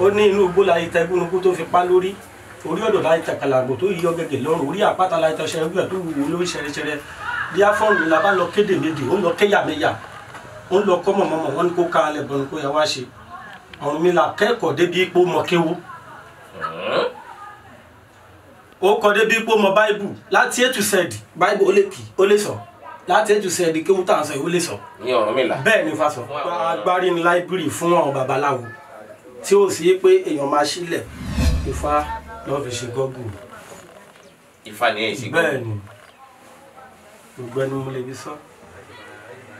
ó ní inú igbó la ita igúnukú tó fi pa lórí orí ọ̀dọ̀ la ita kàlàǹgbò tó yíyọ gẹ̀gẹ̀ lọ́rùn orí àpáta la ita ṣẹrẹgbẹ tó wúwo lórí ṣẹrẹṣẹrẹ bí afọ́nrún la bá lọ kéde méje ó ń lọ kẹ́yàmẹ́yà ó ń lọ kọ́ mọ̀mọ́mọ́ wọn ni kó ka alẹ́ bọ̀nù kó yà wá ṣe ọ̀run mi là kẹ́kọ̀ọ́ débi ipò mọ̀ kéwu ó kọ́ débi ipò mọ̀ báìbù láti ètù sẹ́ẹ̀dì báìbù ó lè kì ó lè sọ láti ètù sẹ́ẹ̀dì kéwu tá à ń sọ ìwé lè sọ bẹ́ẹ̀ ni fa sọ agbárí ni láìbírì fún àwọn babaláwo tí ó sì pé èèyàn máa sílẹ̀ ifá ló fi ṣe gọ́gù. ifá ni èyí ṣe gọ́gù. bẹ́ẹ̀ni ọ̀gbẹ́ni múlẹ̀bí sọ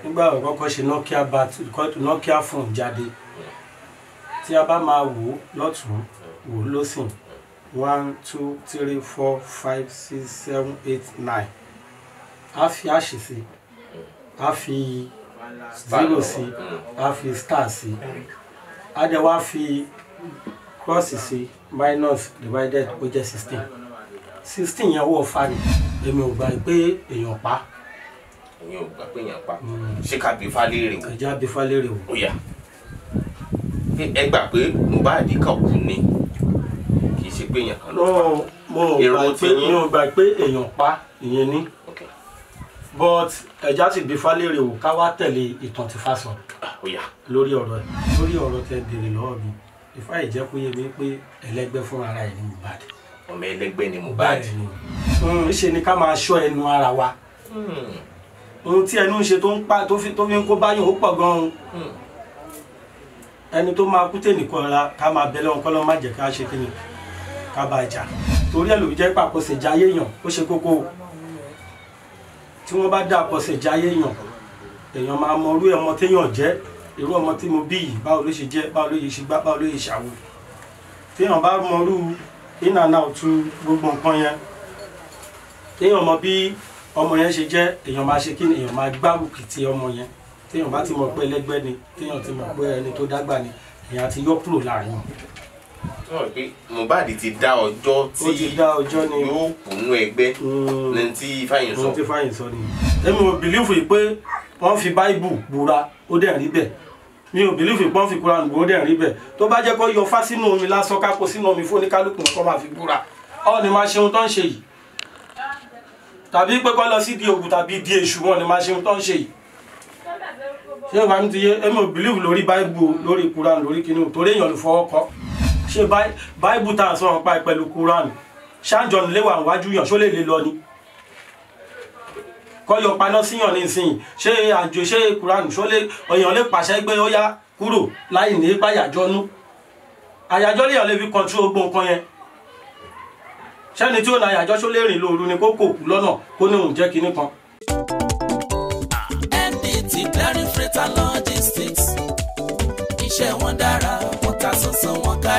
nígbà àkọ́kọ́ ṣe nokia battery nokia phone jáde tí a bá máa wò ó lọ́tún wò ó lọ́sìn one two three four five six seven eight nine a fi àṣì sí a fi zero sí a fi star sí. Si a dẹ̀ wá fi cross sí minus divided ó jẹ́ sixteen sixteen yẹn wọ̀ fa ni èmi ò gbà pé èèyàn pa èmi ò gbà pé èèyàn pa hmm. ṣé ká bí fálé rè wò ẹ̀já bí fálé rè wò ó yá ẹ gbà pé Mohbad kan kú ni kì í ṣe pé èèyàn kan ló pa èrò tí yín mi gbà pé èèyàn pa ìyẹn ni but ẹ̀já sì bí fálé rè wò ká wá tẹ̀lé ìtàn tí fa sọ lórí ọ̀rọ̀ lórí ọ̀rọ̀ tẹ béèrè lọ́wọ́ mi ìfá ìjẹ́ kó yé mi pé ẹlẹ́gbẹ́ fún ara ẹ̀ ní Mohbad. ọmọ ẹlẹ́gbẹ́ ni Mohbad. Hmm, ṣe ni ká máa ṣọ́ ẹnu ara wa hmm. ohun tí ẹnu ń ṣe tó ń pa tó fi ń kó báyìí ó pọ̀ gan-an hmm. ẹni tó máa kú tẹ̀nìkan ra ká máa bẹ lọ́wọ́ kọ́lọ́ má jẹ́ ká ṣe kí ni ká bá jà torí ẹ̀ ló jẹ́ pàkọ́sẹ̀ jáyé yàn ó ṣe kókó tí wọ́n bá dá àkọ́sẹ̀ jáyé yàn èèyàn máa mọ irú ọmọ téèyàn jẹ́ irú ọmọ tí mo bí yìí báwo ló ṣe jẹ́ báwo ló yẹ ṣe gbá báwo ló yẹ ṣàwò téèyàn bá mọ irú in and out gbogbo nǹkan yẹn téèyàn mọ bí ọmọ yẹn ṣe jẹ́ èèyàn máa ṣe kí ni èèyàn máa gbárùkì ti ọmọ yẹn téèyàn bá ti mọ̀ pé ẹlẹ́gbẹ́ ni téèyàn ti mọ̀ pé ẹni tó dágbà ni èèyàn ti yọ kúrò láàrin Mohbad ti dá ọjọ́ tí yóò kùnú ẹgbẹ́ mm. ní ti Ifáyín sọ. èmi ò bìlífù yìí pé wọ́n fi báìbù búra ó dẹ̀ rí bẹ́ẹ̀ mi ò bìlífì pọ́n fi kúra nùgbò ó dẹ̀ rí bẹ́ẹ̀ tó bá jẹ́ kó yọ fá sínú omi lásán ká kó sínú omi fóníkálùkù kó máa fi búra ọ̀ ni máa ṣe ohun tó ń ṣe yìí tàbí pé kó lọ sí di ògùn tàbí di èṣù wọn ni máa ṣe ohun tó ń ṣe yìí ṣé ìwà mi ti yé èmi ò bìlífì lórí báìbù lórí kúra lórí kíní ò torí èèyàn ló fọwọ́ kọ́ ṣé báìbù tá à ń sọ̀rọ̀ pa pẹ̀lú kúra ṣáàjọ́ nílé wà wájú yàn ṣó lè lè lọ ni kọ́ yọ paná síyàn nísìnyí ṣé àjò ṣé kuranu ṣó lè lè pàṣẹ pé ó yá kúrò láì ní báyàjọ́nú àyàjọ́ lèèyàn lè fi kọ̀ntró gbogbo nǹkan yẹn ṣẹ́ni tí ó na àyàjọ́ ṣó rìn lóru ni kó kò kú lọ́nà kó ní òun jẹ́ kinní kan. ẹni tí clearing freighter logistics iṣẹ́ wọn dára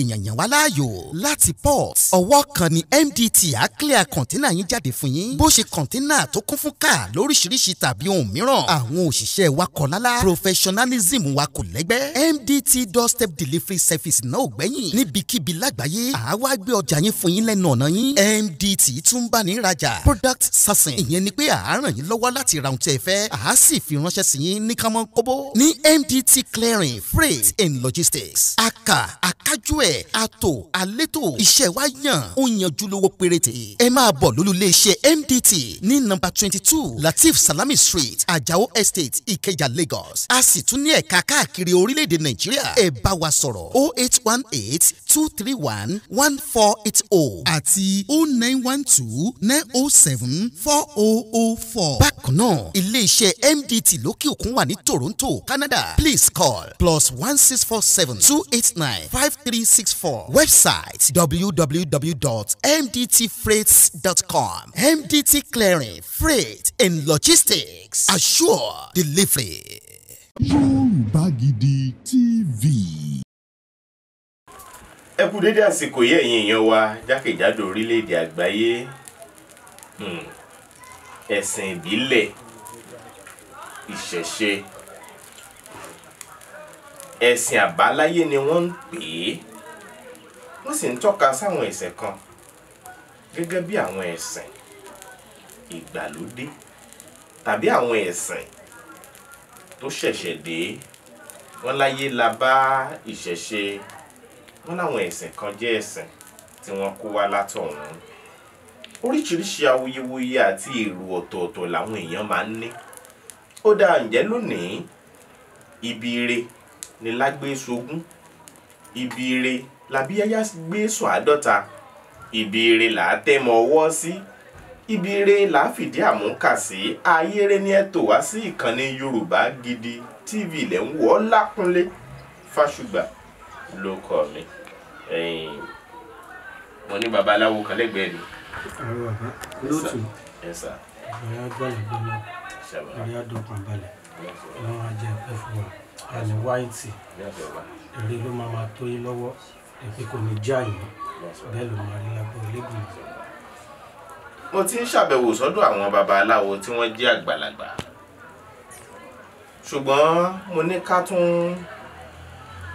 èèyàn yàn wá láàyò láti port ọwọ́ kan ni MDT á clear kọ̀ńténà yín jáde fún yín bó ṣe kọ̀ńténà tó kún fún káà lóríṣiríṣi tàbí ohun mìíràn àwọn òṣìṣẹ́ wa kọ̀ lálá professionalism wa kò lẹ́gbẹ́ MDT doorstep delivery service náà ò gbẹ́yìn níbikíbi lágbàáyé àwa gbé ọjà yín fún yín lẹ́nu ọ̀nà yín MDT tún bá ní rajà product sourcing ìyẹn ni pé à á ràn yín lọ́wọ́ láti ra ohun tí ẹ fẹ́ à á sì fi ránṣẹ́ sí yín ní kánmọ́ kóbó ní MDT clearing freight and logistics aka akájú ẹ̀ ato aleto iṣẹ́ wa yàn ó yanjú lówó péréte ẹ máa bọ̀ lólùléeṣẹ́ MDT ní nọ́mbà twenty two Latif Salami Street Ajao Estate Ikeja Lagos a sì tún ní ẹ̀ka káàkiri orílẹ̀-èdè Nàìjíríà ẹ bá wa sọ̀rọ̀ o oh eight one eight two three one one four eight oh àti o oh nine one two nine oh seven four oh oh four. bákan náà iléeṣẹ́ MDT lókè òkun wà ní Toronto Canada please call plus one six four seven two eight nine five three six six four website www.mdtfreights.com MDT Clearing Freight and Logistics assure delivery. Yorùbá Gidi TV. ẹ kú dédé àsìkò yẹ ẹ̀yin èèyàn wa jákèjádò orílẹ̀-èdè àgbáyé hmm. ẹ̀sìn ìbílẹ̀ ìṣẹ̀ṣe ẹ̀sìn àbáláyé ni wọ́n ń pè é wọ́n sì ń tọ́ka sáwọn ẹ̀sẹ̀ kan gẹ́gẹ́ bí àwọn ẹ̀sìn ìgbàlódé tàbí àwọn ẹ̀sìn tó ṣẹ̀ṣẹ̀ dé wọ́n láyé la bá ìṣẹ̀ṣe wọ́n láwọn ẹ̀sìn kan jẹ́ ẹ̀sìn tí wọ́n kó wá látọ̀hún oríṣiríṣi awuyewuye àti èrò ọ̀tọ̀ọ̀tọ̀ làwọn èèyàn máa ń ní ó dáa ǹjẹ́ lónìí ibi ire ni lágbé sogún ibi ire làbíyáyá gbé sọ àádọ́ta ibi ire là á tẹ́ mọ ọwọ́ sí ibi ire là á fìdí àmúkà sí ayére ní ẹ wá sí ìkànnì Yorùbá Gidi TV ilẹ̀ ń wọ́ lákúnlé fáṣùgbà ló kọ mi mo ní babaláwo kan lẹ́gbẹ̀ẹ́ mi. lóòtù ọ̀rẹ́ agbáyàgbé náà ọ̀rẹ́ adókun balẹ̀ ọ̀rẹ́ ajẹ́ ẹ̀fọ́ àní wáìtì èrè ló máa tó yín lọ́wọ́ ẹ̀pẹ́ kò ní já yìí bẹ́ẹ̀ ló máa rí lábẹ́ olébùn. mo ti ń ṣàbẹ̀wò sọ́dọ̀ àwọn babaláwo tí wọ́n jẹ́ àgbàlagbà ṣùgbọ́n mo ní ká tún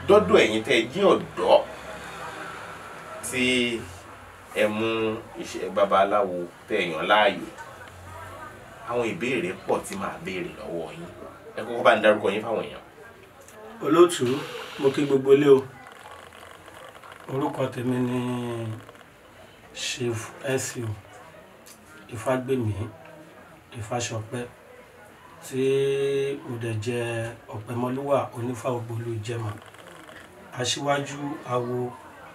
dọ́dọ̀ ẹ̀yin tẹ́ jí ọ̀dọ́ tí ẹ mú iṣẹ́ babaláwo tẹ́ yàn láàyò àwọn ìbéèrè pọ̀ tí màá béèrè lọ́wọ́ yín ẹ kọ́kọ́ bá ń darúkọ yín fáwọn èèyàn. olóòtú mo kí gbogbo ilé o orúkọ tèmi ni chief seo ìfàgbèmí ìfàsọpẹ tí mo dẹ̀ jẹ́ ọ̀pẹ̀mọlúwà onífà ògbólú ìjẹmọ aṣíwájú awo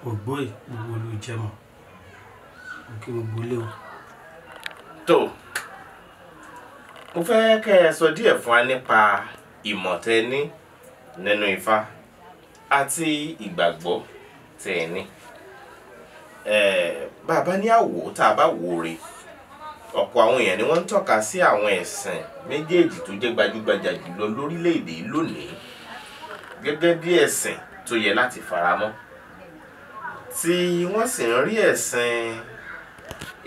ògbóì ògbólú ìjẹmọ òkè ògbólé o. tó mo fẹ́ kẹ́ ẹ sọ díẹ̀ fún wa nípa ìmọ̀tẹ́ni nínú ifá àti ìgbàgbọ́ tí ẹ ní bàbá ní àwò tá a bá wò re ọ̀pọ̀ àwọn èèyàn ni wọ́n ń tọ́ka sí àwọn ẹ̀sìn méjèèjì tó jẹ́ gbajúgbajà jùlọ lórílẹ̀‐èdè lónìí gẹ́gẹ́ bí ẹ̀sìn tó yẹ láti faramọ́ tí wọ́n sì ń rí ẹ̀sìn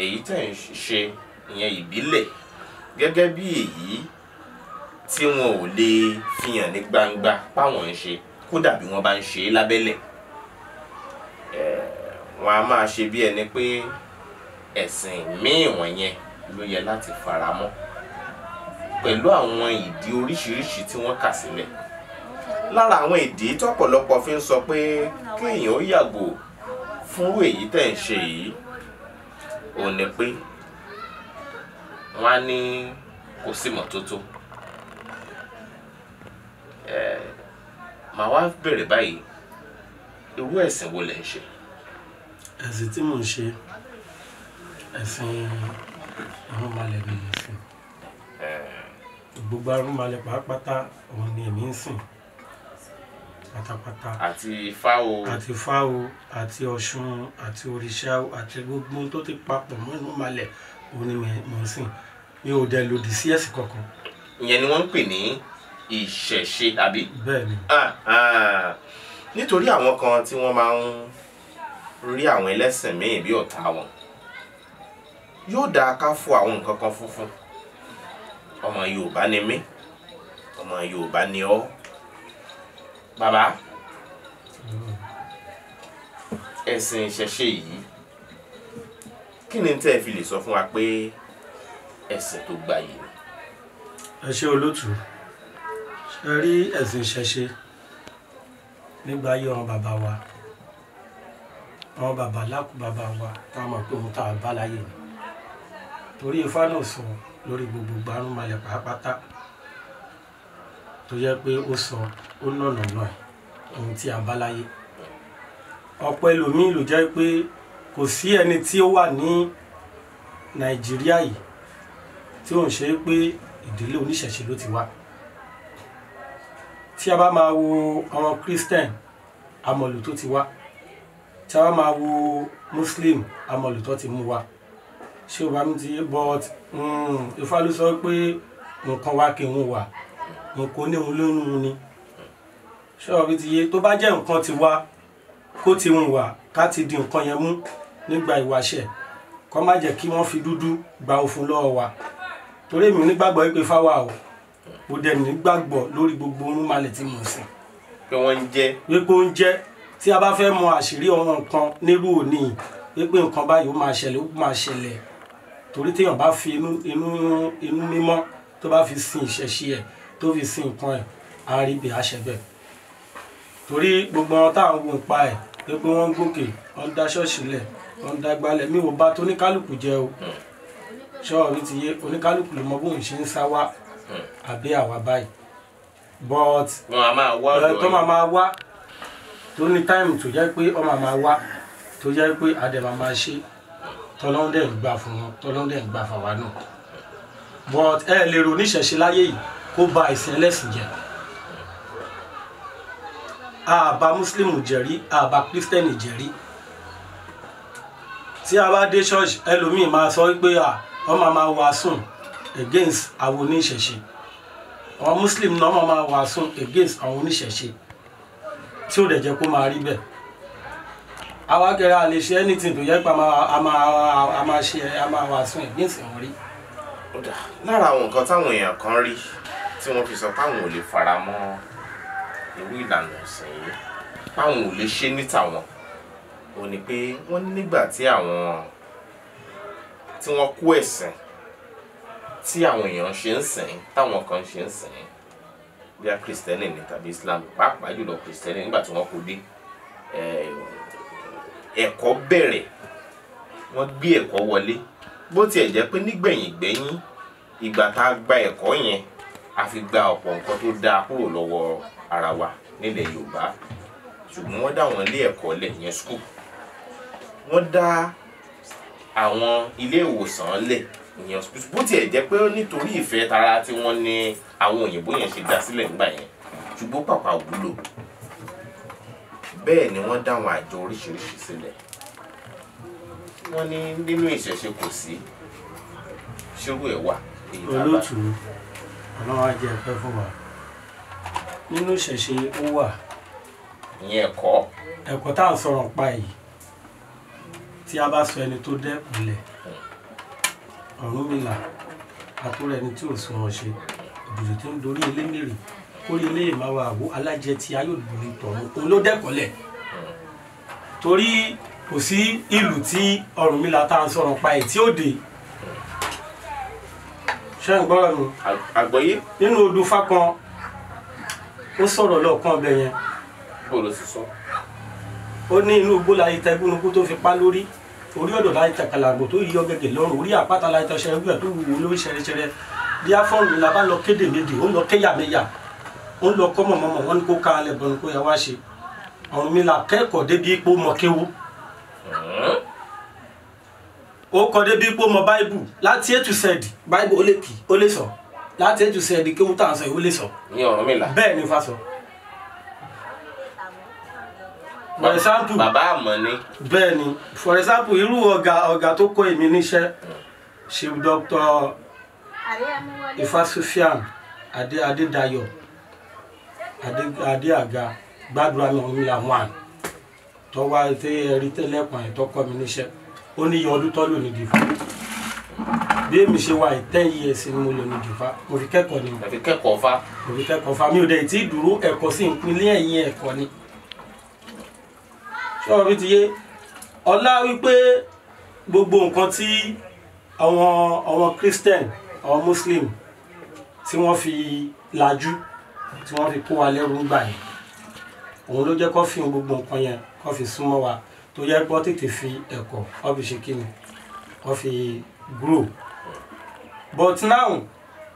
èyí tẹ̀ ń ṣe ìyẹn ìbílẹ̀ gẹ́gẹ́ bí èyí tí wọn ò lè fihàn ní gbangba páwọn ń ṣe kódà bí wọ́n bá ń ṣe é lábẹ́lẹ̀ wọn a máa ṣe bí ẹni pé ẹ̀sìn míì wọ̀nyẹn ló yẹ láti faramọ́ pẹ̀lú àwọn ìdí oríṣiríṣi tí wọ́n kà sílẹ̀ lára àwọn ìdí tọ́pọ̀lọpọ̀ fi ń sọ pé kéèyàn ó yàgò fúnrú èyí tẹ̀ ń ṣe yìí ò ní pé wọ́n á ní kò sí mọ́tótó màá wá bèrè báyìí irú ẹ̀sìn wo lẹ̀ ń ṣe ẹ̀sìn tí mò ń ṣe ẹ̀sìn arúnmalẹ̀ ni mò ń sìn gbogbo arúnmalẹ̀ pàápàá òun ni èmi ń sìn pátápátá àti ifá o àti ifá o àti ọ̀ṣun àti òrìṣà o àti gbogbo tó ti papọ̀ mọ́ arúnmalẹ̀ òun ni mò ń sìn mi ò dẹ̀ lòdì sí ẹ̀sìn kankan. ìyẹn ni wọ́n ń pè ní ìṣẹ̀ṣe àbí. bẹ́ẹ̀ni. Ah, ah. nítorí àwọn kan tí wọ́n máa ń rí àwọn ẹlẹ́sìn míì bí ọ̀tá wọn yóò dáa ká fún àwọn nǹkan kan funfun ọmọ Yorùbá ni mí ọmọ Yorùbá ni ọ bàbá ẹ̀sìn ìṣẹ̀ṣe yìí kí ni tẹ́ ẹ fi lè sọ fún wa pé ẹ̀sìn tó gbayì ni. ẹ ṣe olótùú ṣe rí ẹ̀sìn ìṣẹ̀ṣe nígbà ayé bàbá wa àwọn bàbá lákù bàbá wa tá a mọ̀ pé òun tá a bá láyè ni torí ifá náà sọ lórí gbogbo gbarumọlẹ̀ pàápàá tó yẹ pé ó sọ ó nànà náà ohun tí a bá láyé ọ̀pọ̀ ẹlòmíín ló jẹ́ pé kò sí ẹni tí ó wà ní nàìjíríà yìí tí ó ń ṣe pé ìdílé oníṣẹ̀ṣe ló ti wá tí a bá máa wo àwọn christian amọ̀lù tó ti wá tí a máa wo muslim amọ̀lùtọ́ ti mú wa ṣé o bá mi ti but mm, ifá ló sọ pé nǹkan wa kì í wà nǹkan oníhun ló ń hun ni ṣé o rí ti yé tó bá jẹ́ nǹkan ti wa kó ti hun wà ká ti di nǹkan yẹn mú nígbà ìwáṣẹ̀ kó má jẹ́ kí wọ́n fi dúdú gba òfin lọ́wọ́ wa torí èmi nígbàgbọ́ pé fáwa o mo dẹ̀ nígbàgbọ́ lórí gbogbo orúnmalẹ̀ tí mo sìn. pé wọ́n ń jẹ́. pé wọ́n ń jẹ́ tí a bá fẹ́ mọ àṣírí ọ̀rọ̀ nǹkan nírú òní wípé nǹkan báyìí ó máa ṣẹlẹ̀ ó máa ṣẹlẹ̀ torí téèyàn bá fi inú inú inú mímọ́ tó bá fi sin ìṣẹ̀ṣe ẹ̀ tó fi sin nǹkan ẹ̀ á rí bí àṣẹbẹ̀ torí gbogbo wọn táwọn wò ń pa ẹ̀ pé wọ́n ń gòkè wọ́n ń dá ṣọ́ọ̀ṣì lẹ̀ wọ́n ń dá gbalẹ̀ mi ò bá tóníkálùkù jẹ́ o ṣọ́ọ̀rí ti yé oníkálùkù ló mọ bóun ṣe ń sá wá hmm. àbí àwa báyìí but tó máa máa wá tó ní táìmù tó jẹ́ pé ọmọ máa wá tó jẹ́ pé àdẹ̀mà máa ṣe tọ́lọ́dẹ̀ ń gbà fún wọn tọ́lọ́dẹ̀ ń gbà fàwa náà but ẹ lè rò níṣẹ̀ṣe láyé yìí kó ba ìsìn ẹlẹ́sìn jẹ́ àbá mùsùlùmù jẹ̀rí àbá kírísítẹ́nì jẹ̀rí tí a bá dé ṣọ́ọ̀ṣì ẹlòmíì máa sọ pé ọmọ máa wàásùn against àwọn oníṣẹ̀ṣe àwọn mùsùlùmù náà máa wàásùn against àwọn oníṣẹ̀ṣe tí ò dẹ̀ jẹ́ kó máa rí bẹ́ẹ̀ àwa kẹrẹ a lè ṣe anything tó yẹ pé a máa ṣe a máa wà sún ìgbínsì wọn rí. lára àwọn nǹkan táwọn èèyàn kan rí tí wọ́n fi sọ páwọn ò lè fara mọ́ irú ìlànà ọ̀sìn yìí páwọn ò lè ṣe ní tàwọn ò ní pé wọ́n nígbà tí àwọn tí wọ́n kú ẹ̀sìn tí àwọn èèyàn ṣe ń sìn táwọn kan ṣe ń sìn bíi kristẹni ni tàbí islam pàápàá jùlọ kristẹni nígbà tí wọ́n kó dé ẹ̀kọ́ bẹ̀rẹ̀ wọ́n gbé ẹ̀kọ́ wọlé bó tiẹ̀ jẹ́ pé nígbẹ̀yìn gbẹ̀yìn ìgbà tá a gba ẹ̀kọ́ yẹn a fi gba ọ̀pọ̀ nǹkan tó dáa kúrò lọ́wọ́ ara wa nílẹ̀ yorùbá ṣùgbọ́n wọ́n dá àwọn ilé ẹ̀kọ́ lẹ̀ yẹn skul wọ́n dá àwọn ilé ìwòsàn lẹ̀ yẹn skul bó tiẹ̀ jẹ́ pé nítorí ìfẹ́ tara tí wọ́n ní àwọn òyìnbó yẹn ṣe dá sílẹ̀ nígbà yẹn ṣùgbọ́n pàpà wúlò bẹ́ẹ̀ ni wọ́n dáwọn àjọ oríṣiríṣi sílẹ̀ wọ́n ní nínú ìṣẹ̀ṣe kò sí ṣírú ẹ̀ wà èyí tá a bá. olótùú ọlọ́wọ́ ajé ẹ̀fẹ́ fún wa nínú ìṣẹ̀ṣe ó wà. ìyẹn ẹ̀kọ́. ẹ̀kọ́ tá à ń sọ̀rọ̀ pa yìí tí a bá sọ ẹni tó dẹ́kun lẹ̀ hmm. ọ̀rúnmìlà àtúrò ẹni tí ò sún ọ ṣe gbèsè tó ń dorí elémèrè kórí ilé ìmáwá àwò alájẹ tí ayọ̀dùn ní tọ̀run òun ló dẹ́kọ̀lẹ̀ torí kò sí ìlú tí Ọ̀rúnmìlà tá à ń sọ̀rọ̀ pa ẹ̀ tí ó dé ṣé ń gbọ́rọ̀ mi. àgbọ̀yé. nínú odù fákan ó sọ̀rọ̀ lọ́ọ̀kan ọbẹ̀ yẹn. bó ló ti sọ. ó ní inú igbó la ìta igúnnugún tó fi pa lórí orí ọ̀dọ̀ la ìta kàlàgbò tó yí ọ̀gẹ̀gẹ̀ lọ́rùn orí àpáta la ìta ṣẹrẹgbẹ̀ tó wù ú lórí ṣẹrẹṣẹrẹ biafran mi la bá lọ kéde méde ó lọ kéyàméyà ó lọ kọ́ mọ̀mọ́mọ́ wọn ni kó ká alẹ́ bọ̀ ni kó yẹ wá ṣe ọ̀run mi là kẹ́kọ̀ọ́ débi ipò mọ̀ kéwu ó kọ́ débi ipò mọ̀ báìbù láti ètù sẹ́ẹ̀dì báìbù ó lè kì ó lè sọ láti ètù sẹ́ẹ̀dì kéwu tá à ń sọ ìwé lè ni fa sọ. for example bàbá àmọ́ ni. bẹ́ẹ̀ ni for example irú ọ̀gá ọ̀gá tó kọ́ èmi níṣẹ́ ṣe dr ifá sufian adé adédayọ̀ adé adé àga gbàdúrà lọrùn làwọn tọwọ àti ẹrí tẹlẹkùn àìtọkọ mi níṣẹ́ ó ní iye ọdún tọ́lù ní dìfá bí èmi ṣe wà ten years ni mo lò ní dìfá mo fi kẹ́kọ̀ọ́ ni mo fi kẹ́kọ̀ọ́ fa mo fi kẹ́kọ̀ọ́ fa mi ò dẹ̀ tí ì dúró ẹ̀kọ́ sí ìpínlẹ̀ ẹ̀yìn ẹ̀kọ́ ni sọ̀rọ̀ bí ti yé ọlá wípé gbogbo nǹkan tí àwọn àwọn Christian àwọn muslim tí wọ́n fi lajú tí wọ́n fi kó wa lẹ́rú gbà yẹn òun ló jẹ́ kó fi gbogbo nǹkan yẹn kó fi súnmọ́ wa tó yẹ kó tètè fi ẹ̀kọ́ kó fi ṣe kíni kó fi grow but now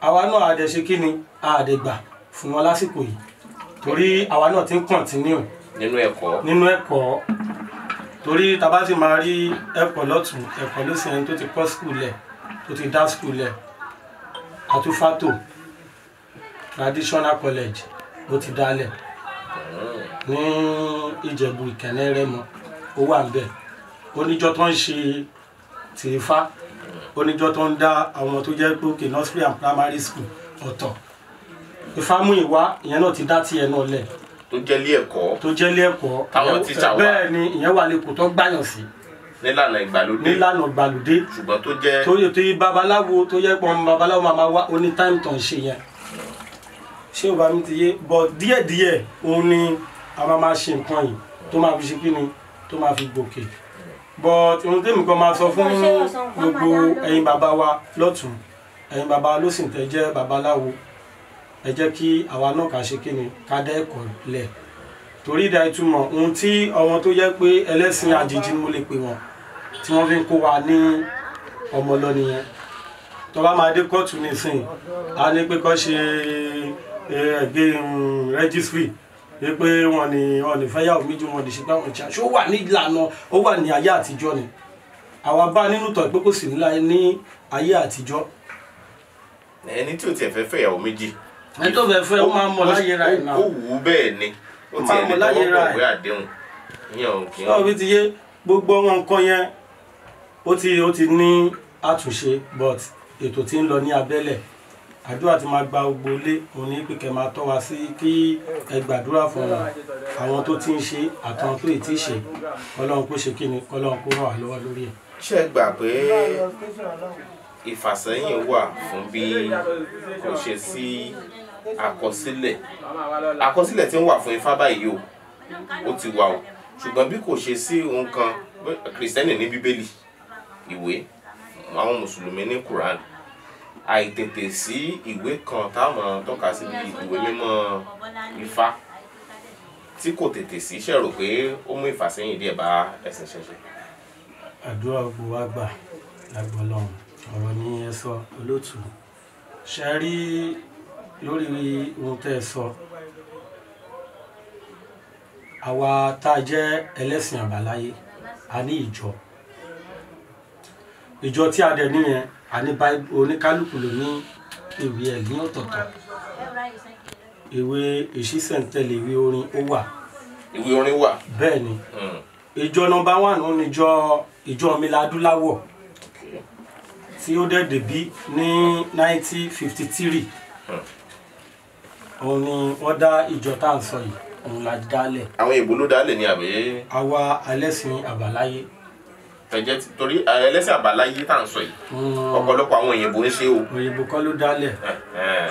àwa náà àdẹ ṣe kíni àdẹ gbà fún wọn lásìkò yìí torí àwa náà ti ń continue nínú ẹ̀kọ́ nínú ẹ̀kọ́ torí tá bá sì máa rí ẹ̀kọ́ lọ́tún ẹ̀kọ́ lósì ẹni tó ti kọ́ skul lẹ̀ tó ti dá skul lẹ̀ Atufato traditional college ó ti dálẹ̀ ní Ìjẹ̀bú Ìkẹ́nnẹ́ Rẹ́mọ ó wà ń bẹ̀ oníjọ́ tó ń ṣe tìfá oníjọ́ tó ń dá àwọn tó jẹ́ pé òkè nursery and primary school ọ̀tọ̀ ìfàmúyìnwá ìyẹn náà ti dá tiẹ̀ náà lẹ̀ tó jẹ́ ilé ẹ̀kọ́ tó jẹ́ ilé ẹ̀kọ́ táwọn tíṣà wà bẹ́ẹ̀ ni ìyẹn wà lẹ́kọ̀ọ́ tó gbàyàn sí nílànà ìgbàlódé nílànà ìgbàlódé ṣùgbọ́n tó jẹ́ tó yẹ tó yẹ babaláwo tó yẹ pọ́n babaláwo máa máa wá oní táìmù tó ń ṣe yẹn ṣé o bá mi ti yé bọ̀ díẹ̀díẹ̀ òun ni a máa máa ṣe nǹkan yìí tó máa fi ṣe kí ni tó máa fi gòkè bọ̀ ohun tèmi kan máa sọ fún gbogbo ẹ̀yin bàbá wa lọ́tún ẹ̀yin bàbá ló sì ń tẹ́ jẹ́ babaláwo ẹ jẹ́ kí àwa náà kà ṣe kí ni ká dẹ́ ẹ̀kọ́ lẹ̀ torí ìdá ìtumọ̀ ohun tí àwọn tó jẹ́ pé ẹlẹ́sìn àjèjì mo lè pè wọ́n tí wọ́n fi ń kó wa ní ọmọ lọ nìyẹn tó bá máa dé kóòtù nísìn a ní pé kó ṣe ẹgbẹ́ mm, rẹ́gísírì ní pé wọ́n ní ọ̀nì fẹ́yàwó méjì wọ́n ní ṣùgbọ́n ọ̀nì ṣàṣọ wà ní ìlànà ó wà ní ayé àtijọ́ ni àwa bá nínú tọ̀ pé kò sí ní ayé àtijọ́. ẹni tí o tiẹ̀ fẹ́ fẹ́yàwó méjì. ẹni tó fẹ́ fẹ́ ó máa mọ láyé ra ìlànà. ó wù ú bẹ́ẹ̀ ni ó ti ẹni tọwọ́ pọ̀ pé àdéhùn ìyẹn ò kí wọn. ọ̀bí ti yé gbogbo ọmọ nǹkan yẹn ó ti ó ti ní àtúnṣe but ètò tí ń lọ ní abẹ́lẹ̀ àdúrà tí máa gba gbogbo ilé òun ní pé kẹ́ máa tọ́ wa sí kí ẹ gbàdúrà fún wọn àwọn tó ti ń ṣe àtàwọn tó ì tí ṣe kọ́lọ́run kó ṣe kí ni kọ́lọ́run kó ràn wá lọ́wọ́ lórí ẹ̀. ṣé gbà pé ìfàsẹ́yìn wà fún bí kò ṣe sí àkọsílẹ̀ àkọsílẹ̀ tí ń wà fún ifá báyìí o ó ti wà o ṣùgbọ́n bí kò ṣe sí ohun kan kìrìsìtẹ́nì ní bíbélì ìwé àwọn mùsùlùmí ní quran àìtètè sí ìwé kan táwọn tọ́ka sí bí ìwé mímọ́ ifá tí kò tètè sí ṣe rò pé ó mú ìfàsẹ́yìn díẹ̀ bá ẹ̀sìn ṣẹṣẹ. àdúrà gbogbo wa gbà lágbọ́n lọ́hùn ọ̀rọ̀ ni ẹ sọ olóòtú ṣe rí lórí ohun tẹ́ ẹ sọ àwa tá a jẹ́ ẹlẹ́sìn àbáláyé a ní ìjọ ìjọ tí a dẹ̀ níyẹn a ní oníkálukú ló ní ìwé ẹ̀gbìn ọ̀tọ̀ọ̀tọ̀ ìwé ìṣísẹ̀ntẹ̀lé ìwé orin ó wà. ìwé orin wà. bẹ́ẹ̀ ni hmm. ìjọ nọ́mbà one ní ìjọ mi ládúláwọ̀ tí ó dẹ̀ débí ní nineteen fifty three òun ni wọ́n dá ìjọ tá à ń sọ yìí òun la dálẹ̀. àwọn èèbó ló dálẹ̀ ní àbí. àwa ẹlẹ́sìn àbáláyé. ẹ̀jẹ̀ torí ẹlẹ́sìn àbáláyé tá à ń sọ yìí hmm. ọ̀pọ̀lọpọ̀ àwọn òyìnbó ń ṣe o. òyìnbó kọ́ ló dálẹ̀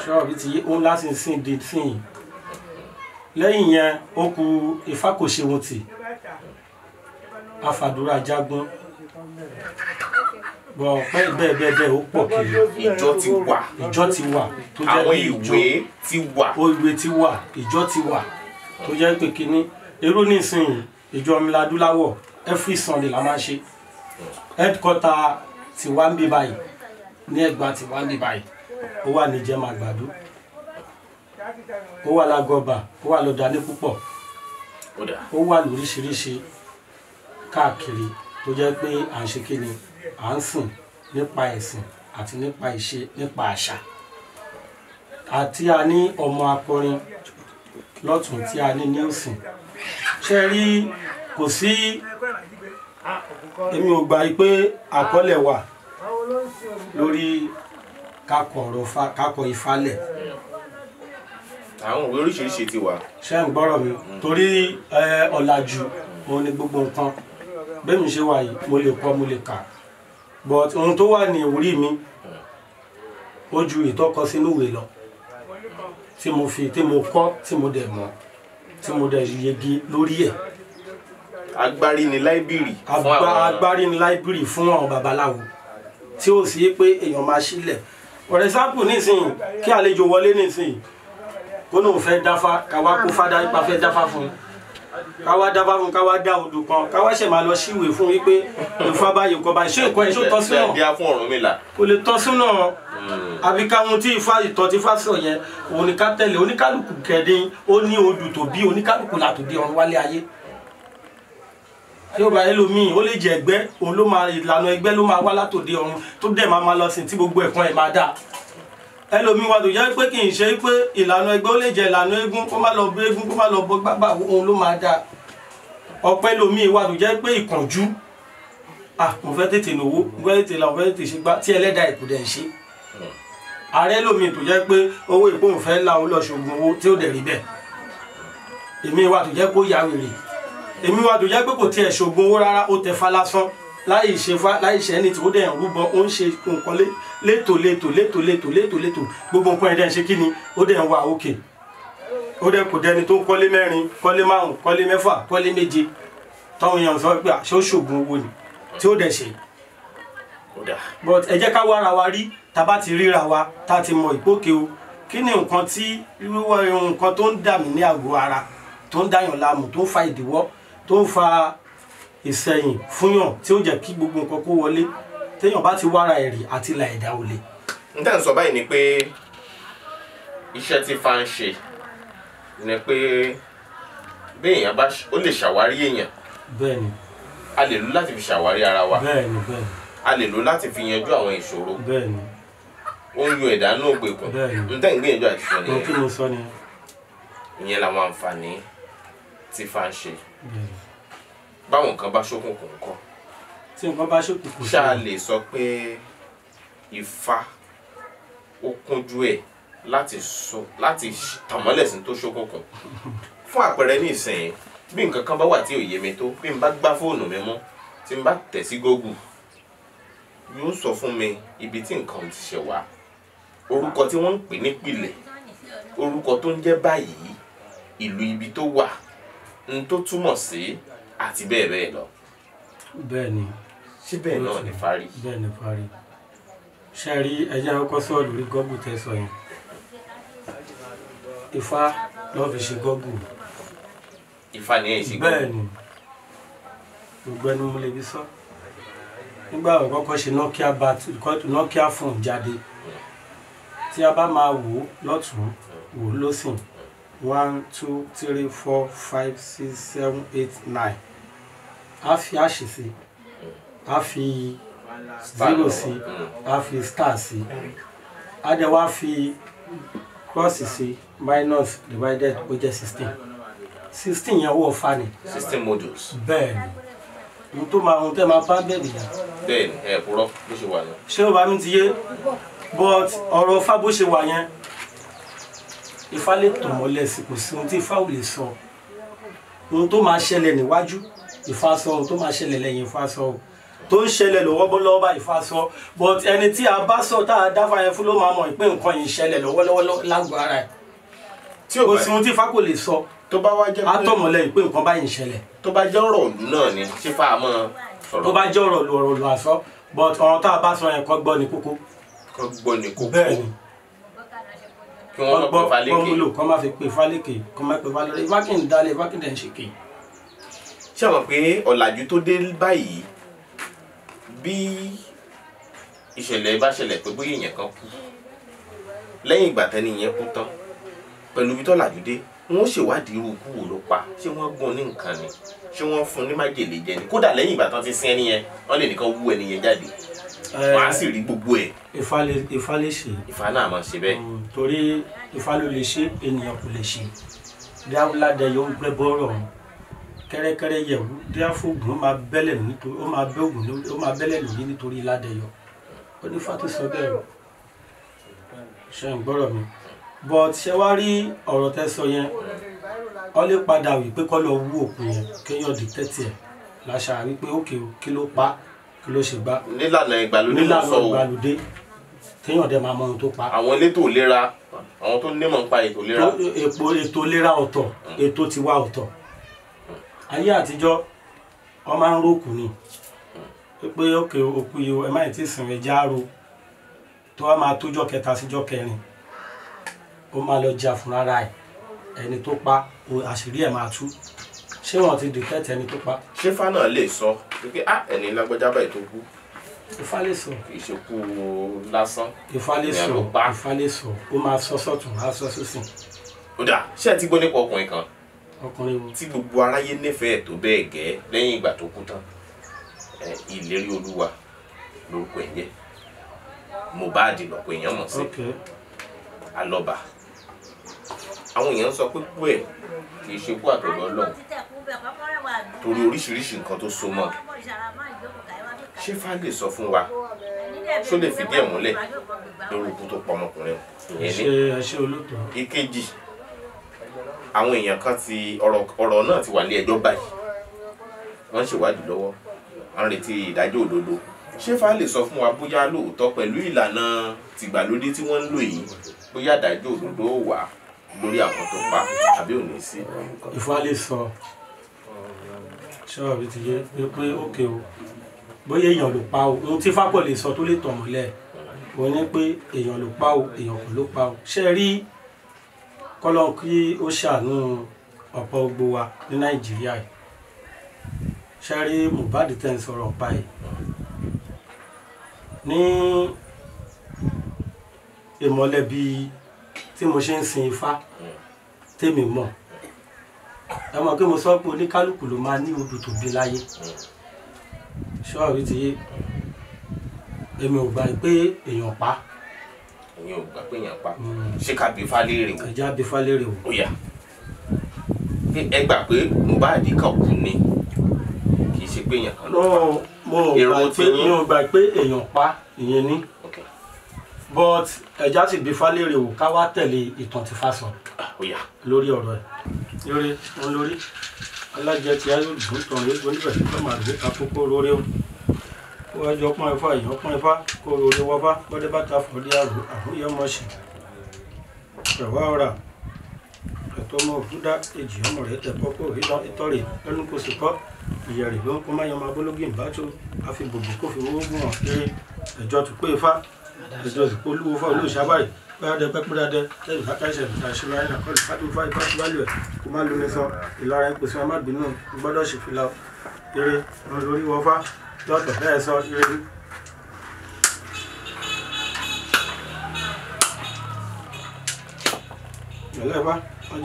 ṣọ́ọ̀bù ti òun láti sìn di sìn lẹ́yìn yẹn ó ku ìfàkóṣe wọn tì afàdúrà jágún bọ bẹ́ẹ̀ bẹ́ẹ̀ bẹ́ẹ̀ ó pọ̀ kiri ìjọ ti wà ìjọ ti wà tó jẹ́ pé ìwé ti wà ó ìwé ti wà ìjọ ti wà tó jẹ́ pé kíní èrò nísìnyí ìjọ ọmọlá adúláwọ̀ every sunday la máa ṣe headquarter ti wá ń bí báyìí ní ẹgbàá ti wá ń bí báyìí ó wà ní jẹ́mà àgbàdo ó wà lágọ́bà ó wà lọ́dà ní púpọ̀ ó wà lóríṣiríṣi káàkiri tó jẹ́ pé à ń ṣe kíni à ń sìn nípa ẹ̀sìn àti nípa ìṣe nípa àṣà àti a ní ọmọ akọrin lọ́tún tí a ní ní òsìn ṣe rí kò sí èmi ò gbà pé àkọlẹ̀ wà lórí kakọ̀ ìfalẹ̀ àwọn òwe oríṣiríṣi ti wà. ṣé ń gbọ́rọ̀ mi mm. torí ọ̀làjú mo ní gbogbo nǹkan bẹ́ẹ̀ mi ṣe wà yìí mo lè kọ́ mo lè kà but ohun tó wà ní orí mi ó ju ìtọ́kọ sínú ìwé lọ tí mo fi tí mo kọ́ tí mo dẹ̀ mọ̀ tí mo dẹ̀ yegi lórí ẹ̀. agbárí ni láìbírì fún àwọn agbárí ni láìbírì fún àwọn babaláwo tí ó sì pé èèyàn máa sílẹ̀ for example nísìnyí kí àlejò wọlé nísìnyí kó náà fẹ́ dáfá káwá kó fádá ipa fẹ́ dáfá fún un káwá dábà fún káwá dá odò kan káwá ṣẹ̀ máa lọ síwèé fún wípé ìfún abáyé kọba ṣé nǹkan ẹ̀ ṣó tọ́ sí náà kò lè tọ́ sí náà hmm. àbí káwọn tí ifá ìtọ́ ti fá sọ yẹn oníkátẹ́lẹ̀ oníkálukú kẹ́dín ó ní odù tó bí oníkálukú làtòdì ọ̀run wálé ayé yóò bá ẹlòmíì ó lè jẹ ẹgbẹ́ òun ló máa ìlànà ẹgbẹ́ ló máa wá látòdì ọ̀run tó dẹ̀ máa máa lọ sí tí gbogbo ẹ̀kan ẹ̀ máa dáa ẹlòmíín wa tó jẹ́ pé kì í ṣe pé ìlànà ẹgbẹ́ ó lè jẹ́ ìlànà eégún kó má lọ bọ eégún kó má lọ bọ gbàgbà òun ló máa dáa ọ̀pọ̀ ẹlòmíín wa tó jẹ́ pé ìkànjú ah mo fẹ́ tètè nówó mo fẹ́ tètè la mo fẹ́ tètè ṣe gbá tí ẹlẹ́dà ìkùdẹ̀ ń ṣe ààrẹ lòmíín tó jẹ́ pé owó ìpóhùn fẹ́ la òun lọ ṣoògùn owó tí ó dẹ̀ rí bẹ́ẹ̀ èmi wa tó jẹ́ pé ó yà wèrè èmi wa tó jẹ́ pé kò tiẹ̀ ṣoògùn owó láì ṣe fa láì ṣe ẹni tí ó dẹ̀ ń rúbọ ó ń ṣe nǹkan létò létò létò létò létò létò gbogbo nǹkan ẹ̀dẹ̀ ń ṣe kí ni ó dẹ̀ ń wà òkè ó dẹ̀ kò dẹni tó ń kọ́lé mẹ́rin kọ́lé márùn kọ́lé mẹ́fà kọ́lé méje táwọn èèyàn sọ pé àṣọ ṣògùn owó ni tí ó dẹ̀ ṣe but ẹ jẹ́ ká wá ara wa rí tá a bá ti ríra wa tá a ti mọ ìpókè o kí ni nǹkan tí wíwọ nǹkan tó ń dà mí ní àgọ́ ara tó ń dàyàn láàmú tó ń fa ìdíwọ́ tó ń fa ìsẹ̀yìn fúnyàn tí ó jẹ́ kí gbogbo nǹkan kó wọlé téèyàn bá ti wára ẹ̀rì àti là ẹ̀dá ò le. n tẹ́ ń sọ báyìí ni pé iṣẹ́ tí fa ń ṣe ni pé bí èèyàn bá ó lè ṣàwárí èèyàn. bẹ́ẹ̀ni. a lè lò láti fi ṣàwárí ara wa. bẹ́ẹ̀ni bẹ́ẹ̀ni. a lè lò láti fi yanjú àwọn ìṣòro. bẹ́ẹ̀ni. ó ń yọ ẹ̀dá náà gbẹ̀kùn. bẹ́ẹ̀ni n tẹ́ ń gbìyànjú àti sọ nìyẹn. mo kí mo sọ nìyẹn. ìyẹn làwọn àǹfààní tí fa ń ṣe. bẹ́ẹ̀ni báwọn nǹkan bá ṣókùnkùn kọ́ tí nǹkan bá ṣókùnkùn ṣáà lè sọ pé Ifá ó kúnjú ẹ̀ láti so láti tàmọ́lẹ̀ sí tó ṣókùnkùn fún àpẹẹrẹ ní ìsìn bí nǹkan kan bá wà tí ò yé mi tó bí n bá gbá fóònù mi mọ́ tí n bá tẹ̀ sí Google yóò sọ fún mi ibi tí nǹkan ti ṣẹ̀ wá orúkọ tí wọ́n ń pè nípìlẹ̀ orúkọ tó ń jẹ́ báyìí ìlú ibi tó wà n tó túmọ̀ sí. Si, àti bẹ́ẹ̀ bẹ́ẹ̀ lọ. bẹ́ẹ̀ ni síbẹ̀ náà ní fárí. bẹ́ẹ̀ ni fárí ṣe rí ẹja kọ́kọ́ sọ́ọ̀lù rí gọ́gù tẹ́ sọ yẹn ifá lọ́ọ́ fi ṣe gọ́gù. ifá ni èyí ṣe gọ́gù. bẹ́ẹ̀ ni gbogbo ẹni mo lè fi sọ nígbà àkọ́kọ́ ṣe nokia bat nokia phone jáde tí a bá máa wò ó lọ́tún wò ó lọ́sìn one two three four five six seven eight nine a fi àṣì sí a fi zero sí a fi star sí a dẹ̀ wá fi cross sí minus divided ó jẹ́ sixteen sixteen yẹn wọ́n fa ni. sixteen modules. bẹ́ẹ̀ni n tó máa ohun tẹ́ máa bá bẹ́ẹ̀ni dà. bẹ́ẹ̀ni ẹ kúrọ bó ṣe wà yẹn. ṣé o bá mi ti yé but ọ̀rọ̀ Ifá bó ṣe wà yẹn Ifá lè tàn mọ́lẹ̀ sí kò sí ohun tí Ifá ò lè sọ ohun tó máa ṣẹlẹ̀ níwájú ìfàsọ tó máa ṣẹlẹ̀ lẹ́yìn ìfàsọ tó ń ṣẹlẹ̀ lọ́wọ́lọ́wọ́ bá ìfàsọ but ẹni tí a bá sọ tá a dáfà yẹn fún ló máa mọ̀ pé nǹkan yìí ṣẹlẹ̀ lọ́wọ́lọ́wọ́ lágbára ẹ̀ kò sí ohun tí ifá kò lè sọ tó bá wá jẹ́ pé atọ́mọ̀lẹ́ pé nǹkan báyìí ń ṣẹlẹ̀. tó bá jẹ́ ọ̀rọ̀ òlu náà ni sífà mọ́ sọ̀rọ̀. tó bá jẹ́ ọ̀rọ̀ òlu ọ̀rọ̀ òlu but ọ̀rọ̀ tá a bá sọ yẹn kọ́ gbọ́ ni kókó. kọ́ gbọ́ ni kókó bẹ́ẹ̀ ni kí wọ́n má pe falékè kọ́ gbọ́ kọ́ múlò kọ́ má fi pe falékè kọ́ má pe falékè ìfákìndálẹ̀ ìfákìndẹ̀ ń ṣèké ṣé mọ̀ pé ọ̀làjú tó dé báyìí bí ìṣẹ̀lẹ̀ bá ṣẹlẹ̀ pé bóyá èèyàn kan kú lẹ́yìn ìgbà tẹ́ni yẹn kú tán pẹ̀lú ibi tọ́làjú dé wọ́n ṣèwádìí irú ikú wo ló pa ṣé wọ́n gún ní nǹkan ni ṣé wọ́n fún ní májèlé jẹ ni kódà lẹ́yìn ìgbà tán ti sin ẹni yẹn wọ́n lè nìkan wú ẹni yẹn jáde wọ́n á sì rí gbogbo ẹ̀. Ifá lè ṣe. Ifá náà máa ṣe bẹ́ẹ̀. torí Ifá ló lè ṣe ènìyàn kò lè ṣe dáwúládẹ yóò gbẹ bọ́rọ̀ ọ̀hún kẹ́rẹ́kẹ́rẹ́ yẹ̀wù bí afọ́gùn ó máa bẹ́lẹ̀ nítorí ó máa bẹ́ ògùn ó máa bẹ́lẹ̀ lórí nítorí ládẹ́yọ onífá tó sọ bẹ́ẹ̀ o ṣe ń gbọ́rọ̀ mi but ṣe wá rí ọ̀rọ̀ tẹ́ sọ yẹn ọ lè padà wí pé kọ́ lọ wú òkú yẹn kéèyàn dìtẹ́tì ẹ̀ láṣà wípé òkè kí ló pa kí ló ṣe gbá nílànà ìgbàlódé ló sọ o kéèyàn dẹ̀ máa mọ ohun tó pa. àwọn elétò ìlera àwọn tó nímọ̀ nípa ètò ìlera. ètò ìlera ọ̀tọ̀ mm. ètò tiwa ọ̀tọ̀ ayé àtijọ́ wọ́n máa ń rókù ni pé òkè òkú yìí ẹ má ti sìn rẹ̀ járo tó wá máa tójọ́ kẹta síjọ́ kẹrin ó máa lọ jà fúnra ra ẹ̀ ẹni tó pa àṣírí ẹ̀ máa tú ṣé wọn ti dìtẹ́tì ẹni tó pa. ṣé ifá náà lè sọ pé á ah, ẹni lágbájá báyìí tó kú. ifá lè sọ. ìṣekú lásán. ifá lè sọ ifá lè sọ ó máa sọ sọ́tún á sọ sósì. ó dà ṣé ẹ ti gbọ́ nípa ọkùnrin kan tí gbogbo aráyé nífẹ̀ẹ́ tó bẹ́ẹ̀ gẹ́ lẹ́yìn ìgbà tó kú tán ìlérí olúwa lórúkọ ẹ̀ ń jẹ́ Mohbad lọ́pọ̀ èèyàn mọ̀ sí alọ́ba àwọn èèyàn sọ pé kú ẹ̀ kì í ṣe kú àtọ̀dọ̀ ọlọ́run torí oríṣiríṣi nǹkan tó so mọ́ ṣé fá lè sọ fún wa ṣó lè fìdí ẹ̀ múlẹ̀ lórúkú tó pa ọmọkùnrin ẹ̀ ní ìkejì àwọn èèyàn kan ti ọ̀rọ̀ náà ti wà lé ẹjọ́ báyìí wọ́n ń ṣèwádìí lọ́wọ́ wọ́n ń retí ìdájọ́ òdodo ṣé fa lè sọ fún wa bóyá lóòótọ́ pẹ̀lú ìlànà tìgbàlódé tí wọ́n ń lò yìí bóyá ìdájọ́ òdodo wà lórí àwọn tó pa àbí ò ní sí. Ifá lè sọ ṣọ́ọ̀bì ti yẹ pé ókè o bóyá èèyàn ló pa o ohun tí fápọ̀ lè sọ tó lè tàn mọ́lẹ̀ wọ́n ní pé èèyàn ló pa o èèyàn kò ló pa o ṣe rí kọ́lọ́n kí ó ṣàánú ọ̀pọ̀ gbogbo wa ní nàìjíríà yìí ṣẹ́rí Mohbad tẹ̀ ń sọ̀rọ̀ pa yìí ní ìmọ̀lẹ́bí tí mo ṣe ń sin ifá tèmi mọ̀ ẹ mọ̀ pé mo sọ pé oníkálukú ló máa ní odò tó bí láyé ṣọ́ọ̀rí ti èmi ò gbà pé èèyàn pa á ìyẹn ò gbà pé yàn pa mm. ṣé ká bí falérè o. ẹja bí falérè o. ó yá ẹ gbà pé Mohbad kan kú ni kì í ṣe pé yàn kan ló pa. mi ò gbà pé èèyàn pa ìyẹn ni but ẹja sì bí falérè o ká wá tẹ̀lé ìtàn tí fa sọ ah, lórí ọ̀rọ̀ ẹ̀ lórí lórí alájẹ tí a yóò dùn tọ̀rọ̀ yóò dùn níbẹ̀ tó máa gbé kakókó lórí o wájú ọpọ́n ifá yìí ọpọ́n ifá kó orí wọ́fá bọ́dé bàtà fọ́dí àrò àròyé ọmọọṣì rẹ̀wá ọ̀rà ẹ̀tọ́ ọmọ òkúta èjì ọmọ rẹ̀ tẹ̀kọ́ kó ìtàn ìtọ́rẹ̀ lẹ́nu kò sì kọ́ ìyá rẹ̀ ló ń kó máyọ̀ máa bólógì ìbátò àfi bòbò kó fi owó gùn hàn kiri ẹ̀jọ́ ti pé ifá ẹ̀jọ́ ti pé olúwo fọ́ olóòṣà báyìí pẹ́ẹ́dẹ́ pẹ́ẹ́dẹ́ tẹ́lẹ̀ látàṣẹ̀ ìtàṣẹ́lá ìlànà kọ́ni fátó fá ifá ti bá lù ẹ̀ kó má lómi Doctor, that's all you ready? Hello, Emma. I'm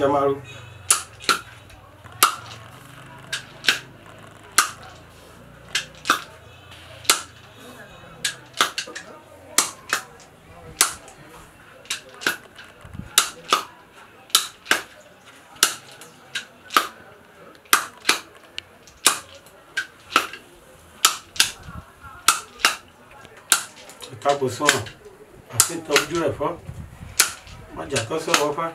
kakò sọ̀rọ̀ àti tọ ojú ẹ̀fọ́ májà tó sọ̀rọ̀ fá.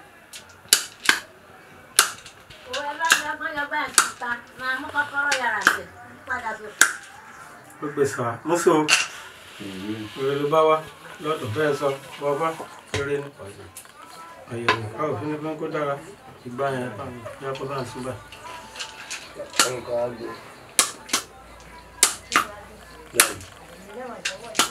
òwe bá ń gbọ́ yọgbà ìta máa mú kọ́kọ́rọ́ yàrá tẹ̀ padà sókè. ó gbèsè wa mú sí o òwe ló bá wá lọ́dọ̀ bẹ́ẹ̀ sọ bọ́ bá kéré ní pàṣẹ àyẹ̀wò káwọ̀ fínífín kó dára náà síbà. Thank you.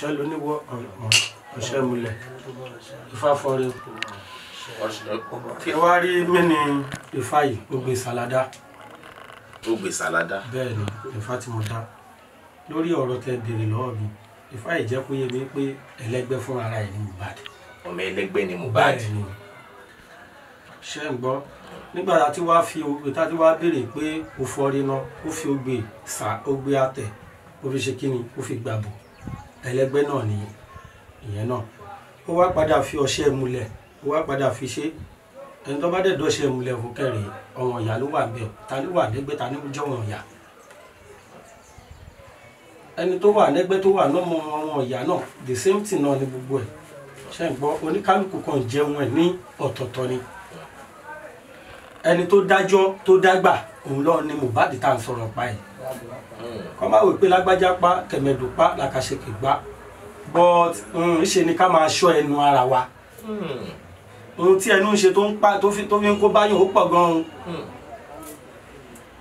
ọ̀ṣẹ́ lóníwọ̀ ọ̀ṣẹ́ múlẹ̀ ifá fọ́nrẹ́ tí wàá rí mẹ́ni ifá yìí ó gbé sàládà. ó gbé sàládà. bẹ́ẹ̀ ni ifá tí mo dá lórí ọ̀rọ̀ tẹ béèrè lọ́wọ́ mi ifá yìí jẹ́ kó yé mi pé ẹlẹ́gbẹ́ fún ara ẹ̀ ní Mohbad. ọmọ ẹlẹ́gbẹ́ ni Mohbad. bẹ́ẹ̀ ni ṣe ń gbọ́ nígbà tí wàá fi òkúta tí wàá béèrè pé òfò ọ̀rẹ́ náà ó fi ogbe sa ogbe àtẹ̀ ó fi ṣe kí ni ó fi gbàbọ̀ ẹlẹ́gbẹ́ náà ni ìyẹn náà ó wá padà fi ọṣẹ múlẹ̀ ó wá padà fi ṣe ẹni tó bá dẹ̀ dọ́ṣẹ múlẹ̀ fún kẹrin ọ̀wọ̀n ìyá ló wà bẹ́ẹ̀ ta ló wà lẹ́gbẹ́ ta ní jọ ọ̀wọ̀n ìyá ẹni tó wà lẹ́gbẹ́ tó wà lọ́mọ ọ̀wọ̀n ìyá náà the same thing náà ni gbogbo ẹ̀ ṣe ń gbọ́ oníkálukú kan jẹun ẹ̀ ní ọ̀tọ̀ọ̀tọ̀ ni ẹni tó dájọ́ tó dágbà òun lọ́ọ́ ni Mohbad tá à ń sọ̀rọ̀ pa ẹ̀ ọmọ àwòrán pé lágbájá pa kẹmẹdù pa làkàṣekè gbá but mm, ńṣe ni ká máa ṣọ́ ẹnu ara wa ohun tí ẹnu ń ṣe tó ń pa tó fi ń kó báyìí ó pọ̀ gan-an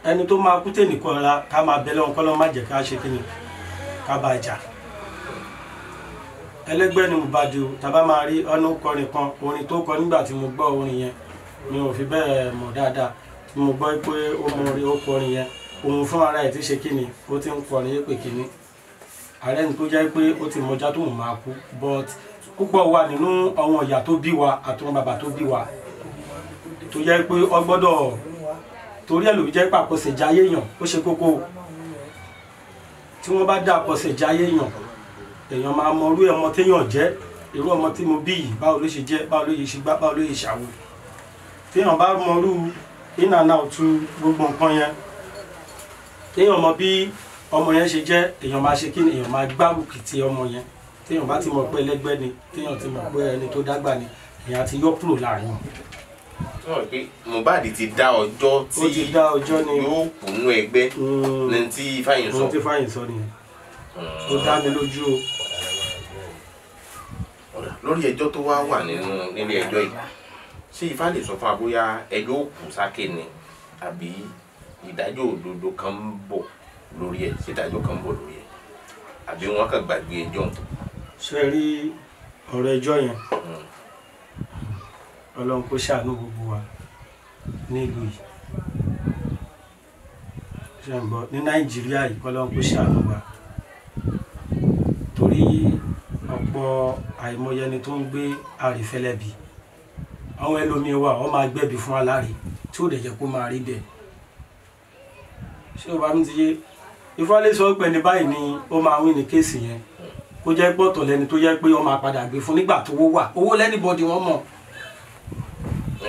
ẹni tó máa kú tẹnìkan ra ká máa bẹ lọ́wọ́ kọ́lọ́ má jẹ́ ká ṣe kí ni ká bá jà ẹlẹgbẹ́ ni mo bá di o tàbá máa rí ọ̀nà kọrin kan orin tó kọ nígbà tí mo gbọ́ orin yẹn mi ò fi bẹ́ẹ̀ mọ̀ dáadáa mo gbọ́ pé ó mọ orin ó yẹn òun fún ara ẹ̀ ti ṣe kíni ó ti ń kọrin yé pé kíni ààrẹ ní jẹ́ pé ó ti mọjá tó ń máa kú but púpọ̀ wà nínú àwọn ìyá tó bí wa àtúwọn bàbá tó bí wa tó jẹ́ pé ọ gbọ́dọ̀ torí ẹ̀ ló jẹ́ pàkóso jáyé yàn ó ṣe kókó tí wọ́n bá dá àkọsẹ̀ jáyé yàn èèyàn máa mọ irú ọmọ téèyàn jẹ́ irú ọmọ tí mo bí yìí báwo ló ṣe jẹ́ báwo ló yẹ ṣe gbá báwo ló yẹ ṣàwò téèyàn bá mọ irú in and out gbogbo nǹkan yẹn téèyàn mọ bí ọmọ yẹn ṣe jẹ́ èèyàn máa ṣe kí ni èèyàn máa gbárùkì ti ọmọ yẹn téèyàn bá ti mọ̀ pé ẹlẹ́gbẹ́ ni téèyàn ti mọ̀ pé ẹni tó dágbà ni èèyàn ti yọ kúrò láàrin Mohbad ti dá ọjọ́ tí yóò kùnú ẹgbẹ́ ní tí Ifeanyi sọ. ní tí Ifeanyi sọ nìyẹn ó dá mi lójú o lórí ẹjọ́ tó wá wà nínú nílé ẹjọ́ yìí ṣé ifá lè sọ fún wa bóyá ẹjọ́ òkú sáké ni àbí ìdájọ́ òdodo kan ń bọ̀ lórí ẹ̀ ṣé ìdájọ́ kan ń bọ̀ lórí ẹ̀ àbí wọ́n kàn gbàgbé ẹjọ́ ń. ṣe rí ọ̀rọ̀ ẹjọ́ yẹn hmm. ọlọ́run kó ṣàánú gbogbo wa nílùú yìí ṣe ń gbọ́ ní nàìjíríà yìí ọlọ́run kó ṣàánú wa torí ọ̀pọ̀ àìmọye ẹni tó ń gbé àrífẹ́lẹ́bì àwọn ẹlòmíín wà wọ́n máa gbẹ̀bí fún aláàrí tí ó dẹ̀ jẹ́ kó máa rí bẹ́ẹ̀ ṣé o bá mi ti yé ìfọ́lẹ́ sọ pé ní báyìí ni ó máa wí ní kéèsì yẹn kó jẹ́ pọ̀tọ̀ lẹ́ni tó yẹ pé ó máa padà gbé fún nígbà tó wà owó lẹ́nìbọ̀dì wọn mọ̀.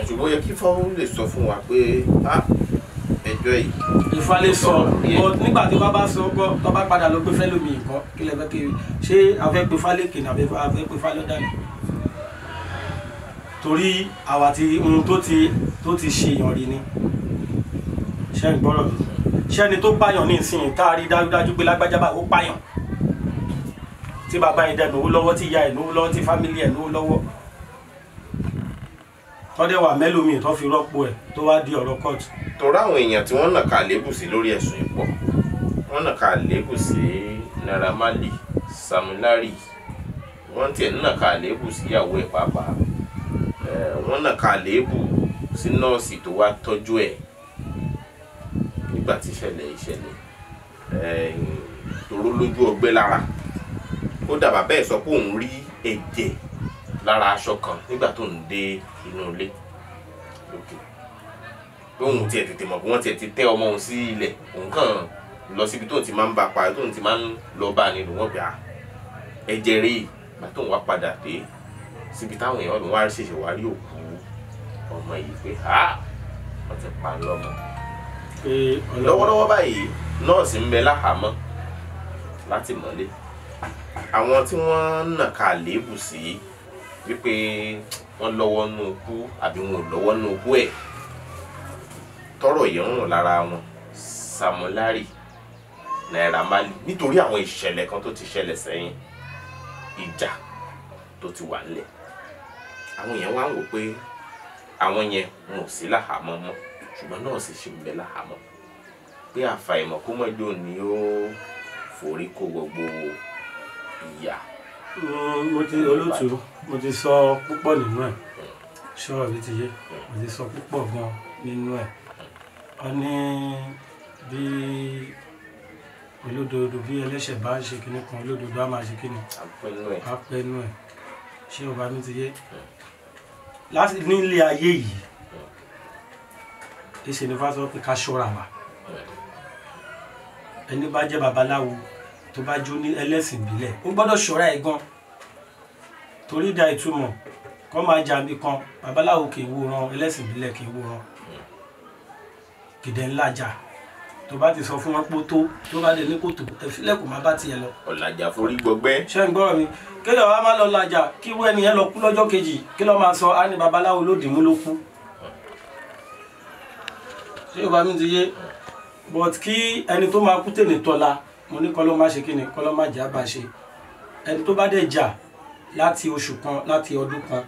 ṣùgbọ́n yẹ kí fọ́nrún lè sọ fún wa pé a ẹjọ́ yìí. ìfọ́lẹ́ sọ nígbà tí wọ́n bá sọ ọkọ tó bá padà lọ pé fẹ́ lómi nǹkan kí lè fẹ́ kí ṣé afẹ́ pé fálẹ̀ kì ní afẹ́ pé fálẹ̀ dání. torí àwa ti ohun tó ti ṣèyàn rí ni ṣé ń gbọ́rọ̀ mi ṣẹ́ni tó pààyàn ní ìsìn tá a rí dájúdájú pé lágbájá báyìí ó pààyàn tí bàbá yẹn dẹnu lọ́wọ́ tí ìyá ẹ̀ lówó lọ́wọ́ tí fámìlì ẹ̀ lówó lọ́wọ́ tọ́dẹ̀ wà mẹ́lòmíì tó fi rọ́pò ẹ̀ tó wá di ọ̀rọ̀ kóòtù. torí àwọn èèyàn tí wọ́n nà ká lébù sí lórí ẹ̀sùn ìpọ̀ wọ́n nà ká lébù sí Naira Marley Sam Larry wọ́n tiẹ̀ nà ká lébù sí ìyàwó ẹ̀ pàápàá wọ́n nà ká lébù sí nọ́ọ̀sì tó wá tọ́jú ẹ̀ nígbà tí ìṣẹ̀lẹ̀ ìṣẹ̀lẹ̀ tòró lójú ọgbẹ́ lára kódà bàbá ẹ̀ sọ pé òun rí ẹ̀jẹ̀ lára aṣọ kan nígbà tó ń dé inú ilé lókè pé òun tiẹ̀ tètè mọ̀ pé wọ́n tiẹ̀ ti tẹ́ ọmọ òun sí ilẹ̀ òun kàn lọ síbi tóun ti máa ń ba pa tóun ti máa ń lọ bá a nínú wọn pé à ẹ̀jẹ̀ rí ìgbà tóun wá padà dé síbi táwọn èèyàn ọ̀dùn wá ṣèṣe wá rí òkú ọmọ yìí pé à ti pa lọ́mọ lọ́wọ́lọ́wọ́ báyìí nọ́ọ̀sì ń bẹ láhàámọ́ láti mọ́lé àwọn tí wọ́n nàka àléébù sí wípé wọ́n lọ́wọ́ nú ikú àbí wọn ò lọ́wọ́ nú ikú ẹ̀ tọrọ yẹn ń rùn lára wọn Samolari Naira Marley nítorí àwọn ìṣẹ̀lẹ̀ kan tó ti ṣẹlẹ̀ sẹ́yìn ìjà tó ti wà nílẹ̀ àwọn yẹn wá ń wò pé àwọn yẹn wọn ò sí láhàámọ́ mọ́ ṣùgbọ́n nọ́ọ̀sì ṣì ń bẹ láhàámọ́ pé àfàìmọ̀ kó mọ́jọ ni ó forí kó gbogbo ìyà. mo ti olóòtú mo ti sọ púpọ̀ nínú ẹ̀ ṣọ́ọ̀ mi ti yé mo ti sọ púpọ̀ gan nínú ẹ̀ ọ ní bí olódodo bí ẹlẹ́ṣẹ̀ bá ń ṣe kinní kan olódodo á máa ṣe kinní apẹnu ẹ̀ ṣé ọba mi ti yé hmm. ní ilé ayé yìí ìṣe ni fásitì pé ká ṣọ́ra wa ẹni bá jẹ́ babaláwo tó bá jó ní ẹlẹ́sìn ìbílẹ̀ ó gbọ́dọ̀ ṣọ́ra ẹ̀ gan torí da ìtumọ̀ kọ́ máa jàǹbí kan babaláwo kì í wòran ẹlẹ́sìn ìbílẹ̀ kì í wòran kìdẹ̀ ńlá jà tó bá ti sọ fún wọn pótó tó bá lè ní kòtò ẹ̀fílẹ̀kùn má bá tiẹ̀ lọ. ọ̀làjà forí gbọgbẹ́. ṣé ń gbọ́rọ̀ mi kéèyàn wá má lọ làjà kí wọ́n ẹnìyẹn lọ kú lọ́jọ́ kejì kí lọ́ máa sọ á ní babaláwo ló dìímú ló kú ṣé o bá mi ti yé but kí ẹni tó máa kú tèmi tọ́la mo ní kọ́ ló má ṣe kíni kọ́ ló má jà bá ṣe ẹni tó bá dẹ̀ jà láti oṣù kan láti ọdún kan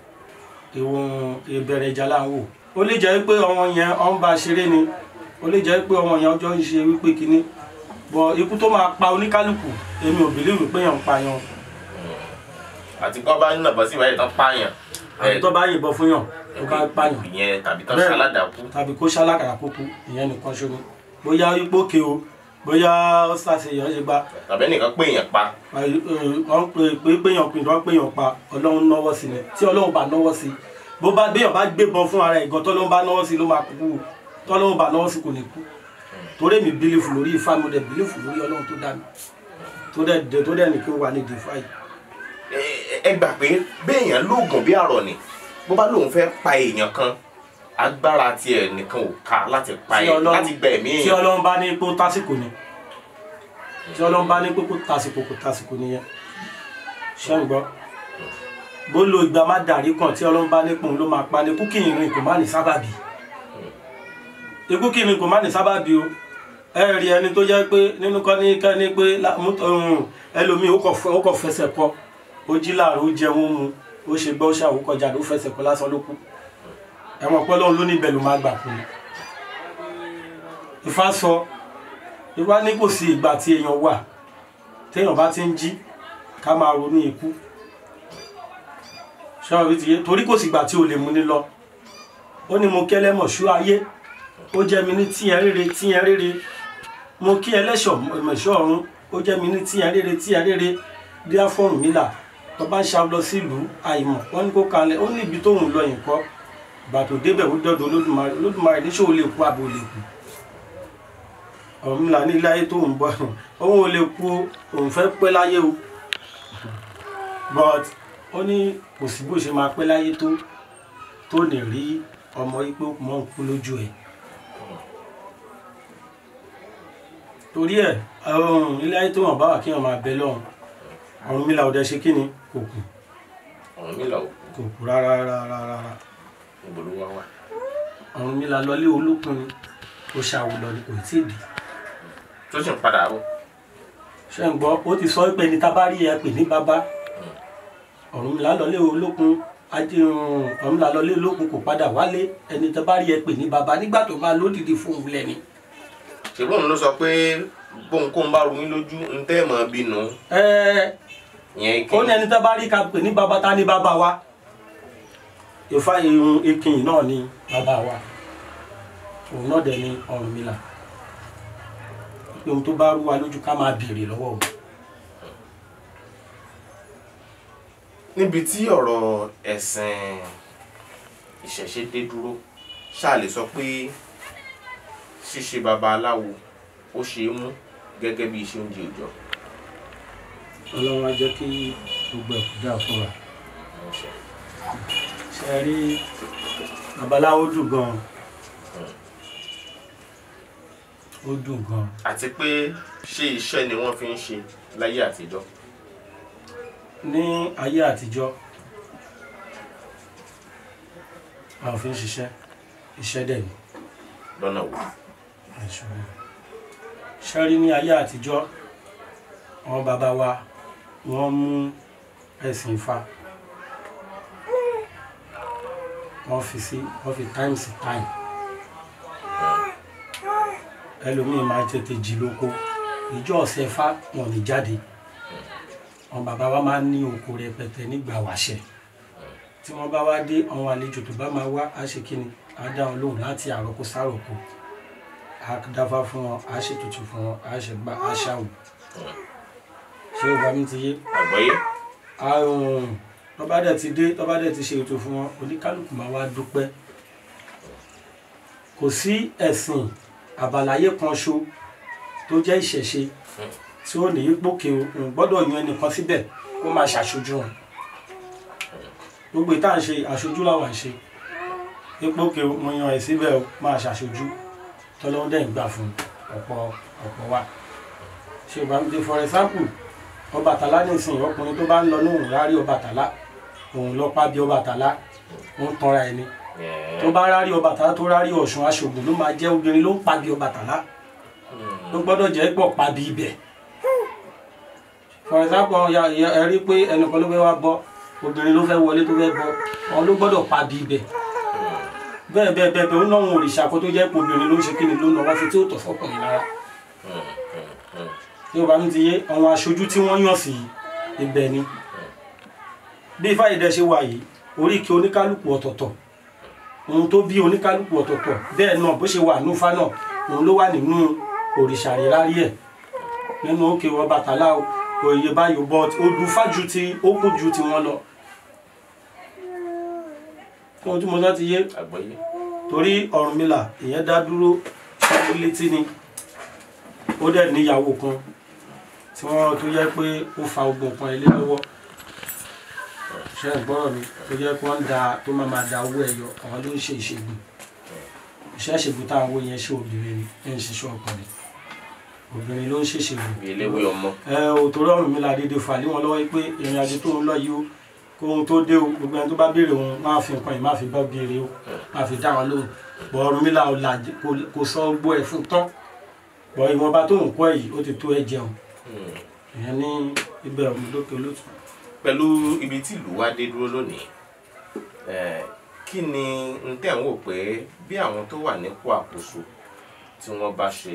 ìwọ̀n ìbẹ̀rẹ̀ ìjà láwọn wò ó lè jẹ́ pé ọmọ yẹn ọ̀ ń ba ṣeré ni ó lè jẹ́ pé ọmọ yẹn ọjọ́ ń ṣe wípé kíní bọ̀ ikú tó máa pa oníkálukú èmi ò bìlíwì pé yẹn ń pa yẹn. àti kọ́ bá ń nàbọ̀ sí ìwà ìtàn pààyàn. àti tó bá yìnbọn fún yàn tó bá pààyàn ìyẹn tàbí tó ṣaládàkú tàbí kó ṣalákàràkókó ìyẹn nìkan ṣo bóyá ipóke o bóyá ó ṣàṣeyàn ṣe gba. tàbí ẹnìkan péyàn pa. wọ́n pè pé péyàn pin wọ́n péyàn pa ọlọ́run náwọ́ sí ni tí ọlọ́run bá náwọ́ sí bó bá béèyàn bá gbébọn fún ara ìgàn tọ́lọ́run bá náwọ́ sí ló máa kú o tọ́lọ́run bá náwọ́ sí kò ní kú torí mi bílífù lórí ifá mi dẹ̀ bílífù lórí ọlọ́run tó dá mi tó dẹ̀ tó dẹ̀ ní kí n wà ní ìdìfá yìí. ẹ gbà pé béèyàn lóògùn bí àrọ̀ ni bó bá lóun fẹ́ pa èèyàn kan agbára tiẹ̀ nìkan ò ká láti pa èèyàn láti gbẹ̀mí èèyàn. tí ọlọ́run bá ní pé ó tásìkò ni tí ọlọ́run bá ní pé kó tásìkò kó tásìkò nìyẹn ṣé ń gbọ́ bó lo ìgbà má dàrí kan tí ọlọ́run bá ní pòun ló máa pa ní kú kí ìrìn kò má ní sábàbí ikú kí ìrìn kò má ní sábàbí o ẹ rí ẹni tó jẹ́ pé nínú kan ní kẹ́ ní pé um, ẹlòmíì ó kọ̀ fẹsẹ̀ kọ ó jí jẹun mu ó ṣe gbọ́ ó ṣàwó kọjá ló fẹsẹ̀ kọ lásán ló kú ẹ̀wọ̀n pẹ́ lọ́run ló ní ibẹ̀ ló máa gbà fún un Ifá sọ Ifá ní kò sí ìgbà tí èèyàn wà téèyàn bá ti ń jí ká máa ronú ikú ṣọ́ọ́ ti yé torí kò sí ìgbà tí o lè mú ní lọ ó ní mo kẹ́lẹ́ mọ̀ ṣú ayé ó jẹ́ mi ní tíyẹn rere tíyẹn rere mo kí ẹlẹ́ṣọ̀ mọ̀ṣọ́ ọ̀run ó jẹ́ mi ní tíyẹn rere tíyẹn rere díá fọ́ọ̀rùn mi là tó bá ń ṣa lọ sílùú àìmọ̀ wọ́n ní kó kanlẹ̀ ó ní ibi tóun lọ yìí kọ́ bàtò débẹ̀ ó dọ́dọ̀ olódùmarè olódùmarè níṣó o lè kú àbò lè kú ọ̀mìnira ní iláyé tóun bọ̀ òun ò lè kú òun fẹ́ pẹ́ láyé o but ó ní kò sí bó ṣe máa pẹ́ láyé tó tó lè rí ọmọ yìí pé mọ́ ń kú lójú ẹ̀ torí ẹ̀ ilé ayé tó wọ́n bá wà kí wọ́n máa bẹ lọ́hùn Ọ̀rúnmìlà ò dẹ̀ ṣe kíni kò kù. Ọ̀rúnmìlà ò kù. kò kù rárá rárá rárá. níbo ló wá wà. Ọ̀rúnmìlà lọlé olókun ni ó ṣàwùlọ ni kò tí ì dé. tó sì ń padà bọ̀. ṣé ń gbọ́ ó ti sọ pé ní tábàárí ẹ pè ní bàbá hmm. Ọ̀rúnmìlà lọlé olókun hmm, Ọ̀rúnmìlà lọlé olókun kò padà wálé ẹni tábàárí ẹ pè ní bàbá nígbà tó máa lódìdí fún òun lẹ́ni. ṣèlú òun ló sọ pé bóun kóun bá ru lójú ń tẹ́ mọ́ bínú. ẹ ó ní ẹni tó bá rí ká ní baba ta ni baba wa ìfá irun ìkìn náà ni baba wa òun náà dẹ̀ ni Ọ̀rúnmìlà ohun tó bá rú wa lójú ká máa béèrè lọ́wọ́ o. níbi tí ọ̀rọ̀ ẹ̀sìn ìṣẹ̀ṣe dé dúró ṣáà lè sọ pé ṣíṣe babaláwo ó ṣe é mú gẹ́gẹ́ bí iṣẹ́ oúnjẹ ìjọ ọlọ́run á jẹ́ kí gbogbo ẹ̀kú dáa fún wa ṣe rí babaláwo dùn gan ó dùn gan. àti pé ṣé iṣẹ́ ni wọ́n fi ń ṣe láyé àtijọ́. ní ayé àtijọ́ a ò fi ń ṣiṣẹ́ iṣẹ́ dẹ̀ ni. lọ́nà wo. ṣe rí ní ayé àtijọ́ àwọn bàbá wa wọ́n mú ẹ̀sìn Ifá wọ́n fi sí wọ́n fi time sí time ẹlòmíì máa tètè jí lóko ìjọ ọ̀sẹ̀ Ifá wọn ní jáde àwọn bàbá wa máa ń ní oko rẹpẹtẹ nígbà wàṣẹ tí wọ́n bá wá dé àwọn àlejò tó bá máa wá á ṣe kíni á dá wọn lóhùn láti àròkó sáròkó á dáfá fún wọn á ṣètùtù fún wọn á ṣe gbá á ṣàwò ṣé o bá mi ti yé. àgbọ́yé. àrùn tọ́ba dẹ̀ ti dé tọ́ba dẹ̀ ti ṣe ètò fún wọn oníkálukú máa wá dúpẹ́ kò sí ẹ̀sìn àbàláyé kan ṣo tó jẹ́ ìṣẹ̀ṣe tí ó nìyí gbòkè òun gbọ́dọ̀ yan ẹnìkan síbẹ̀ kó máa ṣàṣojú wọn gbogbo ìta ṣe àṣojú làwọn àṣe epo ke mo yan ẹ síbẹ̀ o máa ṣàṣojú tọ́lọ́dẹ̀ ń gbà fún ọ̀pọ̀ ọ̀pọ̀ wa ṣe o bá mi dé for example Ọbàtálá nìsín ọkùnrin tó bá ń lọ lóhùn rárí Ọbàtálá òun lọ pàbí Ọbàtálá ó ń tanra ẹni tó bá rárí Ọbàtálá tó rárí Ọ̀ṣun aṣògùn ló máa jẹ́ obìnrin ló ń pàbí Ọbàtálá ló hmm. gbọ́dọ̀ jẹ́ pọ̀ pàbí ibẹ̀ for example ẹ rí pé ẹnìkan ló fẹ́ wá bọ obìnrin ló fẹ́ wọlé tó fẹ́ bọ òun ló gbọ́dọ̀ pàbí ibẹ̀ hmm. bẹ́ẹ̀ bẹ́ẹ̀ bẹ́ẹ̀ bẹ́ẹ̀ ó náwọn òrìṣà kan tó jẹ́ yorùbá mi ti yé àwọn aṣojú tí wọ́n yàn sí ibẹ̀ ni bí fáyidẹ ṣe wà yìí oríkì oníkálukú ọ̀tọ̀ọ̀tọ̀ ohun tó bí oníkálukú ọ̀tọ̀ọ̀tọ̀ bẹ́ẹ̀ náà bó ṣe wà núfa náà òun ló wà nínú òrìṣà ìrárí ẹ̀ nínú òkè wọn bàtàlá òye báyò but olùfà ju ti ó kún ju ti wọn lọ ohun tí mo sọ yé torí Ọ̀rúnmìlà ìyẹn dá dúró létí ni ó dẹ̀ níyàwó kan tí wọ́n tó yẹ pé ó fa ogun kan ilé lọ́wọ́ ṣe é gbọ́rọ̀ mi tó yẹ pé wọ́n ń da tó máa máa da owó ẹ̀yọ àwọn ló ń ṣe ìṣègùn iṣẹ́ ìṣègùn táwọn owó yẹn ṣe obìnrin ni ẹ̀ ń ṣiṣẹ́ ọkùnrin obìnrin ló ń ṣèṣègùn. ìléwé ọmọ. ẹ ò tó rọrùn mi ládédé fà ní wọn lọ́wọ́ pé ìrìn àjò tó ń lọ yìí ó kó ohun tó dé o gbogbo ẹni tó bá béèrè òun máa fi nǹkan yìí máa fi bọ́ béèrè o máa fi dá wọn lóhùn bọ̀ ọ̀run mi là kò sọ gbọ́ ẹ̀ fún tán bọ̀ ìwọ̀nba tó ń kọ́ yìí ó ti tó ẹ jẹun Hmm. ìyẹn ní ibẹ̀ ọ̀mọdókè olóòtú. pẹ̀lú ibi tí ìlú wa dé dúró lónìí kí ni n tẹ̀ ń wò pé bí àwọn tó wà nípò àkóso tí wọ́n bá ṣe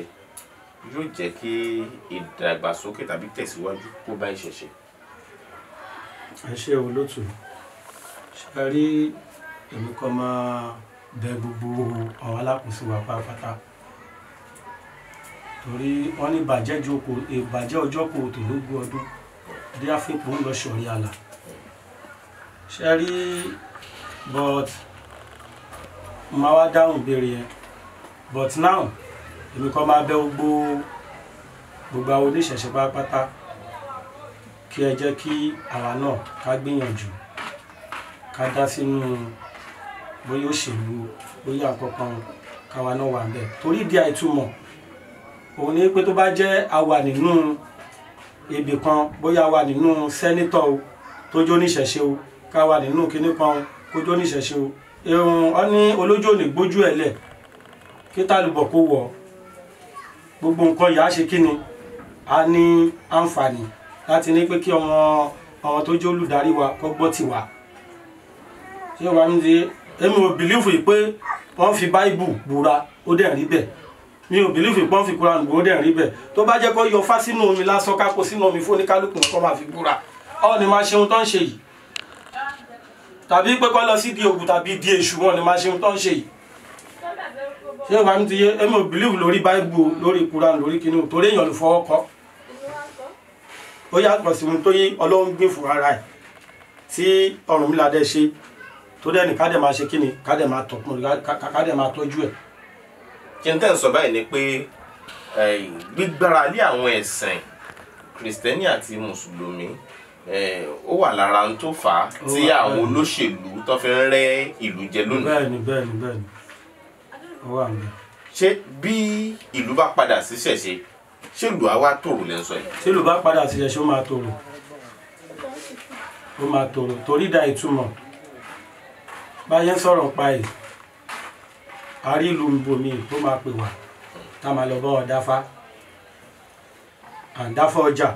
yóò jẹ́ kí ìdàgbàsókè tàbí tẹ̀síwájú kó bá ìṣẹ̀ṣe. ẹ ṣe olóòtú ṣe rí èmi kan máa bẹ gbogbo àwọn alákòóso wa pátápátá torí wọ́n ní ìbàjẹ́ ọjọ́ kò tó lógún ọdún bí àfipò ń lọ sọ̀rí àlà ṣe rí but máa wá dáhùn ìbéèrè yẹn but now èmi kọ́ máa bẹ gbogbo gbogbo àwọn oníṣẹ̀ṣẹ̀ pátápátá kí ẹ jẹ́ kí àwa náà ká gbìyànjú ká dá sínú bóyá òṣèlú bóyá àkọ́kọ́ káwa náà wà ń bẹ̀ torí ìdí àìtúmọ̀ òun ni pé tó bá jẹ́ àwa nínú ibì kan bóyá àwa nínú sẹ́nítọ̀ o tó jó níṣẹ̀ṣe o káwa nínú kinní kan kó jó níṣẹ̀ṣe o irun ọ ní olójú òní gbójú ẹ̀ lẹ̀ kí tálùbọ̀ kó wọ̀ gbogbo nǹkan yà á ṣe kíni a ní àǹfààní láti ní pé kí ọmọ ọmọ tó jẹ́ olùdarí wa kó gbọ́ tiwa ṣé wàá ní èmi ò bìlífù yìí pé wọ́n fi báíbù búra ó dẹ̀ rí bẹ́ẹ̀ mi ò bìlífì pọ́n fi kúra nùgbò dẹ̀ rí bẹ̀ tó bá jẹ́ kó yọ fá sínú omi lásán ká kó sínú omi fún oníkálukú nǹkan máa fi búra ọ ni máa ṣeun tó ń ṣe yìí tàbí pé kó lọ sí di ògùn tàbí di èṣù wọn ni máa ṣeun tó ń ṣe yìí ṣé ìwà mi ti yé èmi ò bìlífì lórí báíbù lórí kúra lórí kinní torí èèyàn ló fọwọ́ kọ́ ó yàtọ̀ sí ohun tó yí ọlọ́run gbìn fún ara ẹ̀ tí Ọ̀rúnmìlà dẹ̀ ṣe tó dẹ̀ ká kí n tẹ́ ń sọ báyìí ni pé gbígbára lé àwọn ẹ̀sìn kìrìsìtẹ́nì àti mùsùlùmí ó wà lára ń tó fà á tí àwọn olóṣèlú tó fi ń rẹ́ ìlú jẹ lónìí. bẹ́ẹ̀ni bẹ́ẹ̀ni bẹ́ẹ̀ni ó wà mí. ṣé bí ìlú bá padà sí ṣẹ̀ṣe ṣé ìlú àwa tòrò lẹ́ ń sọ yìí. ṣé ìlú bá padà sí ṣẹ̀ṣe ó máa tòrò ó máa tòrò torí da ìtumọ̀ báyẹn sọ̀rọ̀ pa yìí àrí ìlú bomi tó máa pè wá tá a máa lọ bá ọ dáfá àǹdáfá ọjà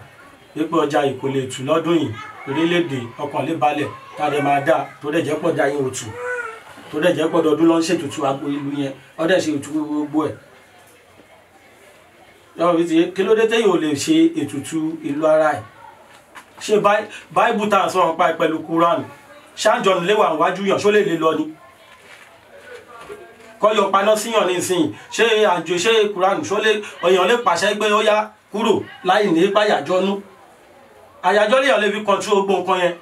wípé ọjà ìkò lè tù lọ́dún yìí orílẹ̀-èdè ọkàn lè balẹ̀ tá a lè máa dá tó dẹ̀ jẹ́ pọ̀ dá yẹn òtù tó dẹ̀ jẹ́ pọ̀ dọdún lọ́n ṣètùtù agbo ìlú yẹn ó dẹ̀ ṣe ètù gbogbo ẹ̀ lọ́wọ́ fi ti kí ló dé téyìn ò lè ṣe ètùtù ìlú ara ẹ̀ ṣé báìbù tá a sọ̀rọ̀ pa pẹ̀lú kúránù ṣáàjọ́ nílé wà wájú yàn ṣó lè lè lọ ni kọ́ yọ paná síyàn nísìnyí ṣé àjò ṣé Quran ṣó lè èèyàn lè pàṣẹ pé ó yá kúrò láì ní báyàjọ́nú àyàjọ́ lèèyàn lè fi kọ̀ntró gbogbo nǹkan yẹn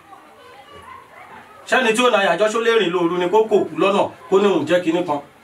ṣẹ́ni tí ó na àyàjọ́ ṣó lè rìn lóru ni kó kò kú lọ́nà kó ní òun jẹ́ kinní kan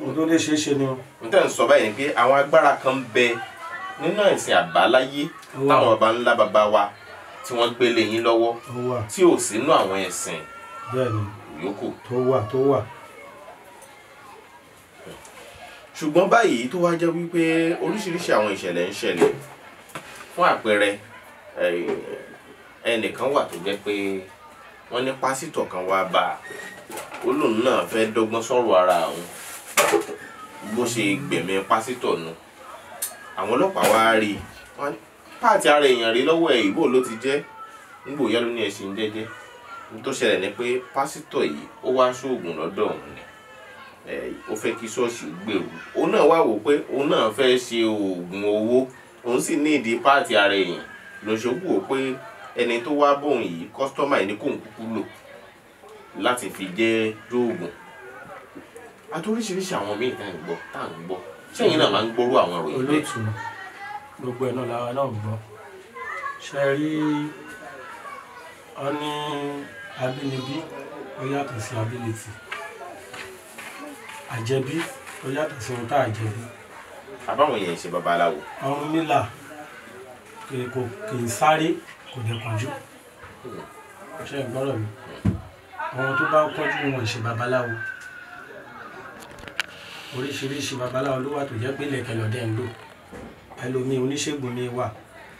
ohun tó lè ṣeé ṣe ni o. n tẹ́ ń sọ báyìí pé àwọn agbára kan bẹ nínú ẹ̀sìn àbáláyé táwọn baba ńlá baba wa tí wọ́n gbé lé yín lọ́wọ́ tí ò sínú àwọn ẹ̀sìn yòókù. tó wà tó wà. ṣùgbọ́n báyìí tó wá jẹ́ wípé oríṣiríṣi àwọn ìṣẹ̀lẹ̀ ń ṣẹlẹ̀ fún àpẹẹrẹ ẹnìkan wà tó jẹ́ pé wọ́n ní pásítọ̀ kan wá bá a ó lóun náà fẹ́ dọ́gbọ́n sọ̀rọ̀ ara òun bó ṣe gbẹ̀mí pásítọ̀ nu àwọn ọlọ́pàá wá rí i páàtì ara èèyàn rí lọ́wọ́ ẹ̀ ìbò ló ti jẹ́ nígbò yá ló ní ẹ̀sìn jẹ́jẹ́ tó ṣẹlẹ̀ ni pé pásítọ̀ yìí ó wá sóògùn lọ́dọ̀ òun ni ó fẹ́ kí ṣọ́ọ̀ṣì gbèrú òun náà wá wò pé òun náà fẹ́ ṣe oògùn owó òun sì ní ìdí páàtì ara èèyàn lọ́sọ̀kù wò pé ẹni tó wá bóun yìí kọ́sítọ́mà yìí ni kóun kúkú lò láti fi jẹ́ dóògùn àti oríṣiríṣi àwọn míì tá à ń gbọ́ tá à ń gbọ́ sẹ́yìn náà máa ń gbọ́rú àwọn ìròyìn bẹ́ẹ̀. olóòtú gbogbo ẹ̀ náà làwa náà ń gbọ́ ṣe rí ọ ní abínibí ó yàtọ̀ sí abínibí àjẹbí ó yàtọ̀ sí ohun tá a jẹbí. àbáwọn yẹn ṣe babaláwo. ọrùn nílà kò kì í sáré kò dẹ̀ kọjú hmm. ṣe é gbọ́dọ̀ mi hmm. àwọn tó bá kọjú wọn ṣe babaláwo oríṣiríṣi babaláwo ló wà tó jẹ́ pé lẹ̀kẹ̀ lọ́dẹ̀ ń lò ẹlòmíì oníṣègùn mi wà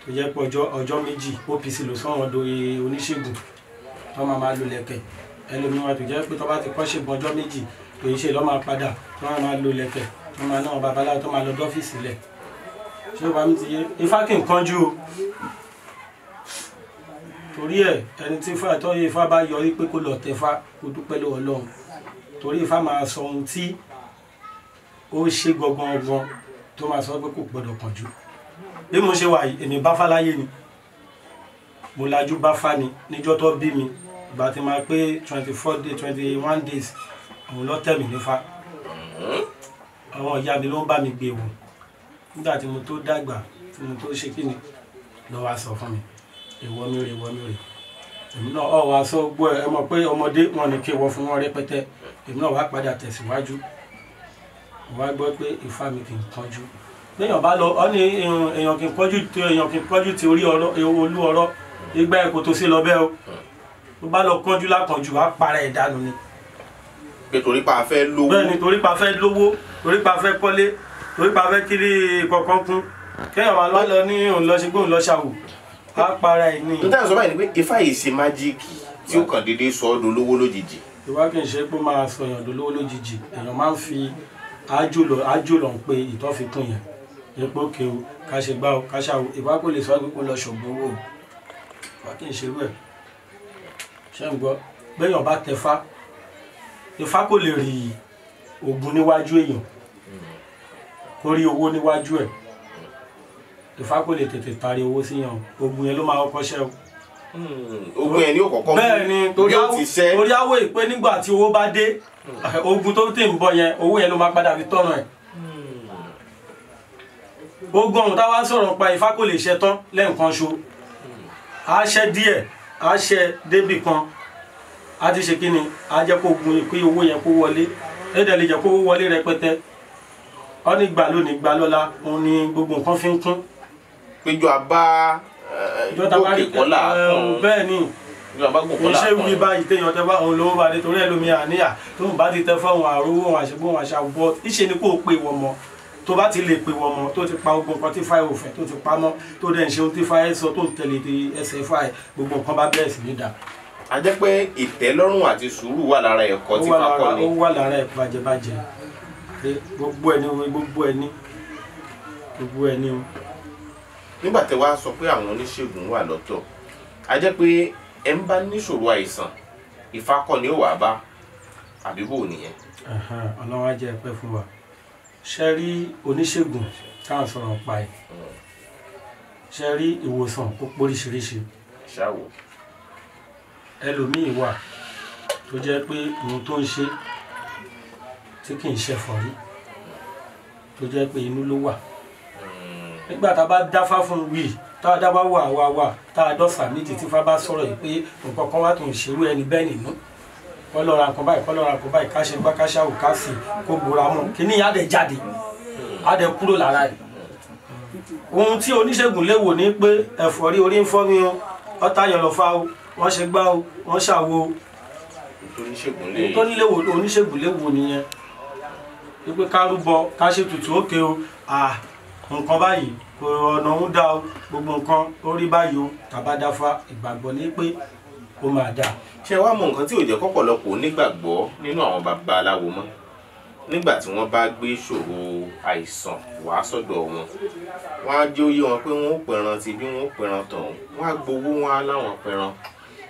tó jẹ́ pé ọjọ́ ọjọ́ méjì OPC ló sọ̀rọ̀ dorí oníṣègùn tó máa máa lo lẹ̀kẹ̀ ẹlòmíì wà tó jẹ́ pé tó bá ti kọ́ ṣègùn ọjọ́ méjì tó ń ṣe lọ́ máa padà tó máa máa lo lẹ̀kẹ̀ tó máa náà babaláwo tó máa lọ dọ́fíìsì lẹ̀ ṣé wàá mi ti yé ifá kì í kánjú o torí ẹ ẹni tí ifá tọ́ ifá bá yọrí pé kó lọ tẹ̀fá kó dúpẹ́ lọ́wọ́ Ọlọ́run torí ifá máa sọ ohun tí ó ṣe gbọgbọn ọgbọn tó máa sọ pé kò gbọdọ̀ kánjú bí mo ṣe wà yìí èmi báfáláyé ni mo lajú báfá ni níjọ́ tó bí mi ìgbà tí máa pé twenty four days twenty one days òun lọ tẹ̀mí nífa àwọn ìyá mi ló ń bá mi gbé wò nígbà tí mo tó dàgbà tí mo tó ṣe kíni lọ wá sọ fún mi èèwọ mi rè èèwọ mi rè èmi náà ọ̀ wá sọ gbọ́ ẹ mọ̀ pé ọmọdé wọn ni kí wọ́n fún wọn rẹpẹtẹ èmi náà wá padà tẹ̀síwájú. Si wọ́n á gbọ́ pé ifá mi kì í kánjú léèyàn bá lọ ọ ní èèyàn kì í kánjú ti èèyàn kì í kánjú ti orí ọ̀rọ̀ olú ọ̀rọ̀ igba ẹ̀kọ́ tó sí lọ o tó bá lọ kánjú lákànjú á para ẹ̀ dànù ni. pé torí pa fẹ́ lówó bẹ́ẹ̀ ni torí pa fẹ́ lówó torí pa fẹ́ kọ́lé torí pa fẹ́ kiri kọ̀ọ̀kan kún kéèyàn wà lọ ní òun lọ ṣe gbóhùn lọ ṣàwò á para ẹ̀ ní. n tẹ́ sọ báyìí ni pé ifá yìí ṣe májíìkì tí ó kàn déédéé sọ ọ́ dolówó lójijì. ìwà kì í ṣe pé máa sọ èèyàn dolówó lójijì èèyàn fi àjùlọ àjùlọ ń pe ìtọ́fikún yẹn epo kéwu ká ṣe gbá o ká ṣàwò ìbákò lè sọ pé kó lọ ṣògbó owó o wà kí n ṣe rú ẹ ṣé ń gbọ́ bẹ́yàn bá tẹ̀fá Ifá kò lè rí ogun níwájú èèyàn kó rí owó níwájú ẹ̀ Ifá kò lè tètè tari owó síyàn ogun yẹn ló máa kọ́kọ́ ṣẹ́ o ogun ẹ ní òkọ̀kọ́ mú yóò ti sẹ́. torí àwọ̀ ìpè nígbà tí owó bá dé ogun tó ti ń bọ̀ yẹn owó yẹn ló máa padà fi tọ̀nà ẹ̀. Hmm. ogun ọ̀hún táwa sọ̀rọ̀ pa Ifá kò lè ṣe tán lẹ́ǹkan ṣo a ṣe díẹ̀ a ṣe débì kan a ti ṣe kíni a jẹ́ kó ogun ìpè owó yẹn kó wọlé ẹ̀dẹ̀ lè jẹ́ kó wọlé rẹpẹtẹ ọ́ ní gbà lónìí gbà lọ́la òun ni gbogbo nǹkan fi ń kún. péjọ abá gòkè iṣẹ́ wí báyìí téèyàn tẹ bá òun lówó bá dé torí ẹlòmíì àníyà tó bá ti tẹ fọ́ọ̀hún àrówó àṣegbóhùn àṣàwọ̀ ìṣe ni kò pè wọ́n mọ́ tó bá ti lè pè wọ́n mọ́ tó ti pa ogun kan tí fáyé òfẹ́ tó ti pamọ́ tó dẹ̀ ń ṣe ohun tí fáyé sọ tó ń tẹ̀lé ti ẹsẹ̀ fáyé gbogbo nǹkan bá bẹ̀rẹ̀ sí ní dà. a jẹ́ pé ìtẹ́lọ́rùn àti sùúrù wà lára ẹ̀kọ́ tí fakọ́ ó wà lára ẹ̀kọ́ bàjẹ́bàjẹ́ gbogbo ẹni gbogbo ẹni gbogbo ẹni o nígbà tẹ wá sọ pé àwọn oníṣègùn wà lọ́tọ̀ a jẹ́ pé ẹ ń bá níṣòro àìsàn ìfakọ ni ó wà bá àbí bò nìyẹn. ọlọ́wọ́ á jẹ́ ẹ̀pẹ́ fún wa ṣe rí oníṣègùn táwọn sọ̀rọ̀ pa ẹ̀ ṣe rí ìwòsàn kó póríṣiríṣi ẹlòmíì wà tó jẹ́ pé ohun tó ń ṣe tí kì í ṣẹ̀fọ́rí tó jẹ́ pé inú ló wà nígbà tá a bá dáfá fún un wíì tá a dábàá wà wà wà tá a dọ́sà méjì tí fá bá sọ̀rọ̀ yìí pé nǹkan kan wà tó ń ṣerú ẹni bẹ́ẹ̀ nínú kọlọ́ra nǹkan báyìí kọlọ́ra nǹkan báyìí ká ṣe gbá ká ṣàwò ká sì kó bora mọ́ kíní yá dẹ̀ jáde á dẹ̀ kúrò lára ẹ̀ ohun tí oníṣègùn léwò ní pé ẹ̀fọ́rí orí ń fọ́ o ọ̀tá yọ̀lọ̀fà o wọ́n ṣe gbá o wọ́n ṣàwo oníṣègùn léwò oníṣègùn nìyẹn wípé ká rúbọ ká ṣètùtù òkè o nǹkan báyìí kò ọ̀nà ń dá gbogbo nǹkan ó rí báyìí o tàbá ìgbàgbọ́ ní pé ó máa dà. ṣé wàá mọ nǹkan tí ò jẹ́ kọ́pọ̀lọpọ̀ nínú àwọn baba aláwo mọ́ nígbà tí wọ́n bá gbé ìṣòro àìsàn wàá sọ́dọ̀ wọn wọ́n á jẹ́ oyé wọn pé wọ́n ó pẹran ti bí wọ́n ó pẹran tàn wọ́n á gbowó wọn á láwọn pẹran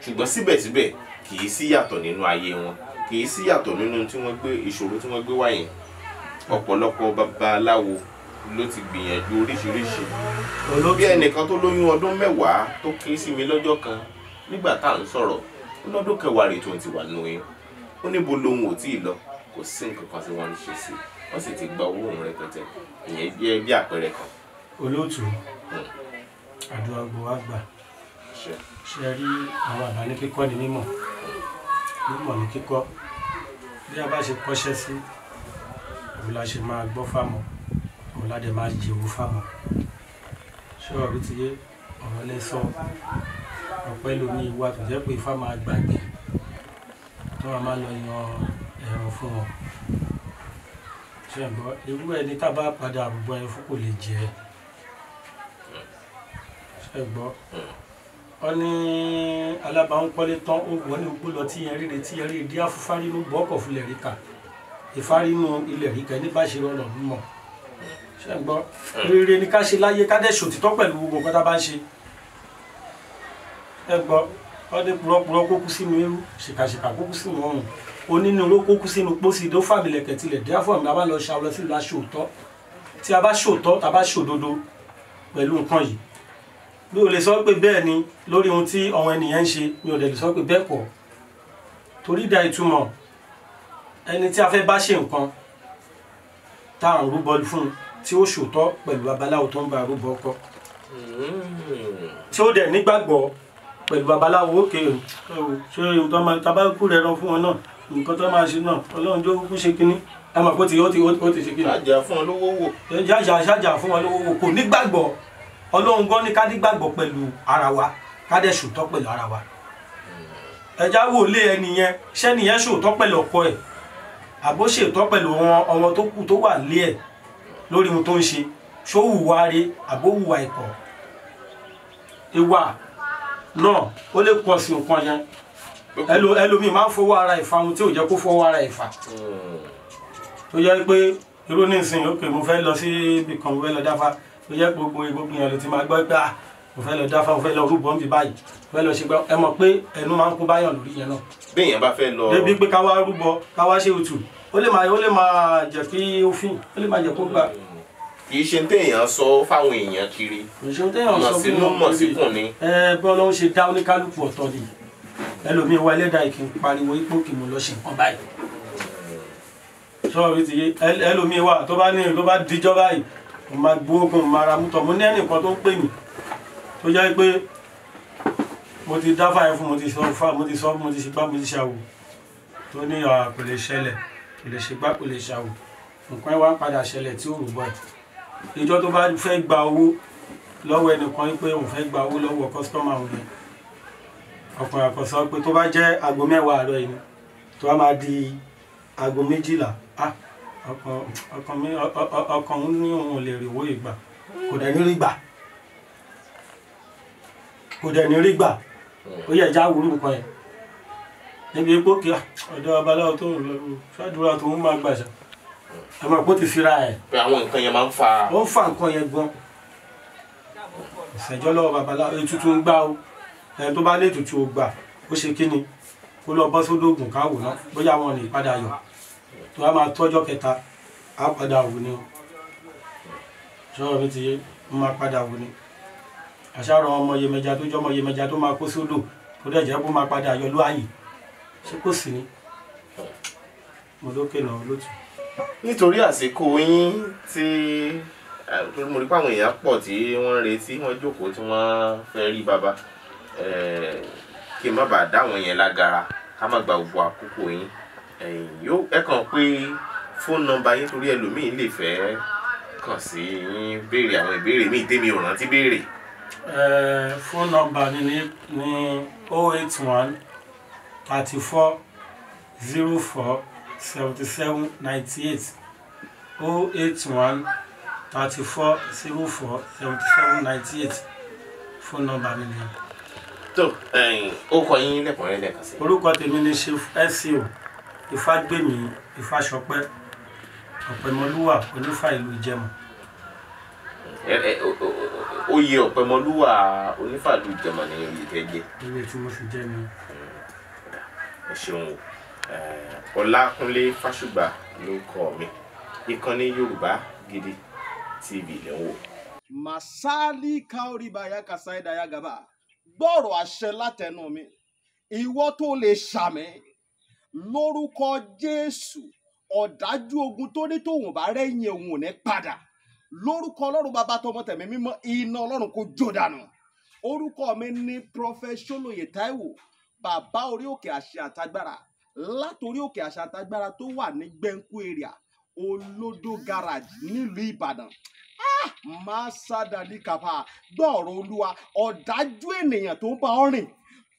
ṣùgbọ́n síbẹ̀síbẹ̀ kì í sí yàtọ̀ nínú ayé wọn kì í sí yàtọ̀ nínú ìṣòro tí wọ́n gbé wáyé ọ̀pọ̀lọpọ̀ baba aláwo ló ti gbìyànjú oríṣiríṣi bí ẹnìkan tó lóyún ọdún mẹ́wàá tó ké sí mi lọ́jọ́ kan nígbà tá à ń sọ̀rọ̀ lọ́dún kẹwàá rèé tó ń ti wà nù yín ó níbo lòun ò tí ì lọ kò sí nǹkan kan tí wọ́n ń ṣe sí wọ́n sì ti gba owó òun rẹpẹtẹ ìyẹn jẹ́ bí àpẹẹrẹ kan. olóòtú hmm. àdúrà gbowó àgbà ṣe rí àwọn àbá ní kíkọ́ ní mímọ̀ mímọ̀ ní kíkọ́ bí a bá ṣe kọ́ṣẹ́ sí òun la ṣe máa gbọ́ fáwọn ládẹ máa jẹ́wọ́ fáwọn ṣọ́ọ̀ bí ti yé ọ̀rọ̀ lẹ́sọ̀ ọ̀pẹ́ lómi ìwà tó jẹ́ pé ifá máa gbàgbé tó wà máa lọ yan ẹ̀rọ fún wọn ṣẹ̀gbọ́n irú ẹni tá a bá padà àrùbọ ẹ fún kò lè jẹ́ ṣẹ̀gbọ́n ọ ní alábàánkọ́lé tán ó wọ́n ní gbó lọ tí yẹn ríre tí yẹn rí díá fúfárínú gbọ́kọ̀ fúnlẹ̀ ríkà ìfárínú ilẹ̀ ríkà ní bá ṣe rọrùn mọ́ ṣẹ́gbọ́n rere ni ká ṣe láyé ká dẹ̀ ṣòtítọ́ pẹ̀lú gbogbo nǹkan tá a bá ń ṣe ẹgbọ́n ọdẹ purọ́purọ́ kó kú sínú eérú ṣìkàṣìkà kó kú sínú ọrùn onínúuró kó kú sínú pósí ìdó fàmìlẹ̀kẹ̀ tilẹ̀ díẹ̀ fún mi a bá lọ ṣe àwọn tí a bá ṣòótọ́ tá a bá ṣòdodo pẹ̀lú nǹkan yìí mi ò lè sọ pé bẹ́ẹ̀ ni lórí ohun tí àwọn ènìyàn ń ṣe mi ò dẹ̀ lè sọ pé bẹ́ẹ̀ kọ́ torí da ìtumọ̀ ẹni tí a fẹ́ bá ṣe nǹkan tá à ń rúbọ fún un tí ó ṣòótọ́ pẹ̀lú babaláwo tó ń ba arúgbó ọkọ hmm. tí ó dẹ̀ nígbàgbọ́ pẹ̀lú babaláwo òkè ṣé ìtọ́ máa ta kú rẹ̀ rán fún wọn náà nǹkan tó máa ṣe náà ọlọ́run jó kú ṣe kínní ẹ mọ̀ pé ó ti ṣe kínní. ṣáàjà fún wọn wò. ṣáàjà ṣáàjà fún wọn wò kò nígbàgbọ́ ọlọ́run gan ní ká nígbàgbọ́ pẹ̀lú ara wa ká dẹ̀ ṣòótọ́ pẹ̀lú ara wa. Hmm. ẹja wo lé ẹni yẹn ṣẹ́ni yẹn ṣòótọ́ pẹ̀lú ọkọ ẹ̀ àbó ṣèótọ́ pẹ̀lú ọmọ tó kù tó wà lé ẹ̀ lórí ohun tó ń ṣe ṣó hùwà rí àbó hùwà ìkọ̀ ìwà náà ó lè pọ̀ sí nǹkan yẹn ẹlòmíì máa ń fọwọ́ ara ìfà ohun tí ò jẹ́ kó fọwọ́ ara ìfà tó yẹ pé irú nísìnyí ó pè mo fẹ́ lọ sí ibì kan mo fẹ́ lọ dáfá tó yẹ gbogbo gbogbo yẹn ló ti máa gbọ́ pé ah mo fẹ́ lọ dáfá mo fẹ́ lọ rúbọ ń bì báyìí mo fẹ́ lọ ṣe gbọ́ ẹ mọ̀ pé ẹnu máa ń kó báyọ̀ lórí yẹn náà. bí bá fẹ́ lọ. débi pé ká rúbọ ká ṣe òtù ó lè máa ó lè máa jẹ́ kí ó fìn ó lè máa jẹ́ kó gbà. kì í ṣe ń téèyàn sọ fáwọn èèyàn kiri mọ̀sínú mọ̀síkùn ni. ẹ bí ọlọ́run ṣe dá oníkálukú ọ̀tọ̀ ni ẹlòmíín wa ẹlẹ́dàá ìkí ń pariwo ipò kì mo lọ ṣe nǹkan báyìí. sọ́ọ̀rì ti ẹlòmíín wa tó bá ní ló bá dijọ́ báyìí mo máa gbóògùn mo máa mo ní ẹnìkan tó ń pè mí tó jẹ́ pé mo ti dá fáyẹ̀ fún mo ti sọ fáyẹ̀ mo ti sọ mo ti ṣe gbá mo ti ṣe tó ní àpèlè ṣẹlẹ̀ kò lè ṣe gbá kò lè ṣàwò nǹkan ẹ wá ń padà ṣẹlẹ̀ tí ò rò gbà ìjọ tó bá fẹ́ gba owó lọ́wọ́ ẹnìkan pé òun fẹ́ gba owó lọ́wọ́ kọ́sítọ́mà òun yẹn ọkùnrin àkọsọ pé tó bá jẹ́ aago mẹ́wàá àárọ̀ yìí tó wá máa di aago méjìlá ah, ọkàn òun ní òun ò lè rí owó ìgbà kò dẹ̀ ní rí gbà kò dẹ̀ ní rí gbà ó yẹ já wúrú nǹkan yẹn níbi epo kí ọ̀dọ̀ babaláwo tó ń lọ ṣáàdúrà tó ń máa gbàṣà àmọ́ epo ti fira ẹ̀. pé àwọn nǹkan yẹn máa ń fa. ó ń fa nǹkan yẹn gan. ìṣẹ̀jọ́ lọ́wọ́ babaláwo ètùtù ń gbá o ẹni tó bá lé ètùtù ò gbà ó ṣe kí ni kó lọ bọ́ sódògùn káwò náà bóyá wọn lè padà yọ tó bá máa tọ́jọ́ kẹta á padà wò ni o sọ̀rọ̀ mi ti yé mo máa padà wò ni àṣàrò ọmọ yemẹja tó jọmọ yemẹja tó máa kó sódò tó dẹ̀ jẹ́ kó máa padà yọ lóàyè ṣé kò sí ni mo lókè náà lótú. nítorí àsìkò yín tí mo rí pàwọn èèyàn pọ̀ tí wọ́n ń retí wọ́n jókòó tí wọ́n fẹ́ rí bàbá kí n má bàa dá àwọn yẹn lágara ká má gba gbogbo àkókò yín yóò ẹ kàn pé fóònù nọ́mbà yín torí ẹlòmíì lè fẹ́ kàn sí yín béèrè àwọn ìbéèrè míì tèmi ò rántí béèrè. fóònù nọ́mbà ni o oh eight one thirty four zero four seventy seven ninety eight o oh eight one thirty four zero four seventy seven ninety eight fóònù nọ́mbà mi nìyẹn. tó o kọ yín lẹ́kùnrin lẹ́kàn sí. orúkọ tèmi ni ṣe seo ìfàgbèmí ìfàsọpẹ́ ọ̀pẹ̀mọlúwà onífà ìlú ìjẹmọ. oyè ọ̀pẹ̀mọlúwà onífà ìlú ìjẹmọ ni oyè tẹ́ jẹ. oyè tí mo sì jẹ ni o ṣeun o ọlákúnlé fásùgbà ló kọ mi ìkànnì yorùbá gidi tv lè ń wò. màsáálì káórìbá ayákàsá ẹ̀dá gaba, gbọ́rọ̀ àṣẹ látẹnu mi ìwọ tó lè ṣàmì lórúkọ jésù ọ̀dájú ogun tó ní tòun bá rẹ́yìn òun ò ní padà lórúkọ ọlọ́run bàbá tọmọ tẹ̀mí mímọ́ iná ọlọ́run kò jó dànù orúkọ mi ní prọfẹsọlóye táíwò bàbá orí òkè àṣẹ àtagbára látòrí òkè àṣẹ àtagbára tó wà ní gbẹ̀ǹkú area olódó garage nílùú ìbàdàn ah! máa sádàdí kàfà gbọ́ọ̀rọ̀ olúwa ọ̀dájú ènìyàn tó ń bá ọ rìn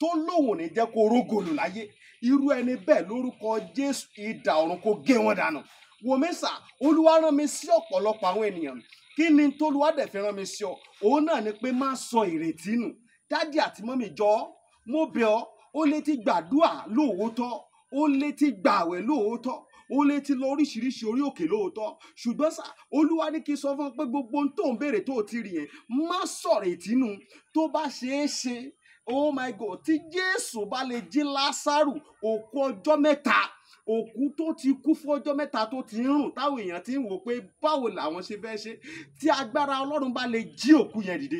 tó lóun ò ní jẹ́ kó rógòlù láyé irú ẹni bẹ́ẹ̀ lórúkọ jésù idà ọ̀run kó gé wọn dànù wòmísà olúwa rán mi sí ọ̀pọ̀lọpọ̀ àwọn ènìyàn kí ni tolúwa dẹ̀ fi rán mi sí ọ òun náà ni pé má sọ ìrètí nù dádì àti mọ́mì jọ mo bẹ̀ ọ́ ó lè ti gbàdúà lóòótọ́ ó lè ti gbàwẹ̀ lóòótọ́ ó lè ti lọ oríṣiríṣi orí òkè lóòótọ́ ṣùgbọ́n sá olúwa ní kí n sọ fún ọ pé gbogbo ohun tó ń béèrè tó ti rí yẹn má sọ̀rọ̀ ìtínú tó bá ṣeé ṣe oh my god tí jésù bá lè jí lásàrù òkú ọjọ́ mẹ́ta òkú tó ti kú fún ọjọ́ mẹ́ta tó ti ń rùn táwọn èèyàn ti ń wò pé báwo làwọn ṣe fẹ́ ṣe tí agbára ọlọ́run bá lè jí òkú yẹn dìde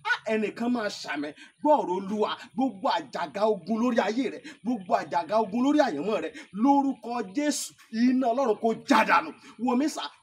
ẹnìkan máa ṣàmì gbọ́ọ̀rọ̀ olúwa gbogbo àjàgà ogun lórí ayé rẹ gbogbo àjàgà ogun lórí àyànmọ́ rẹ lórúkọ jésù iná ọlọ́run kò jádànù wọmísà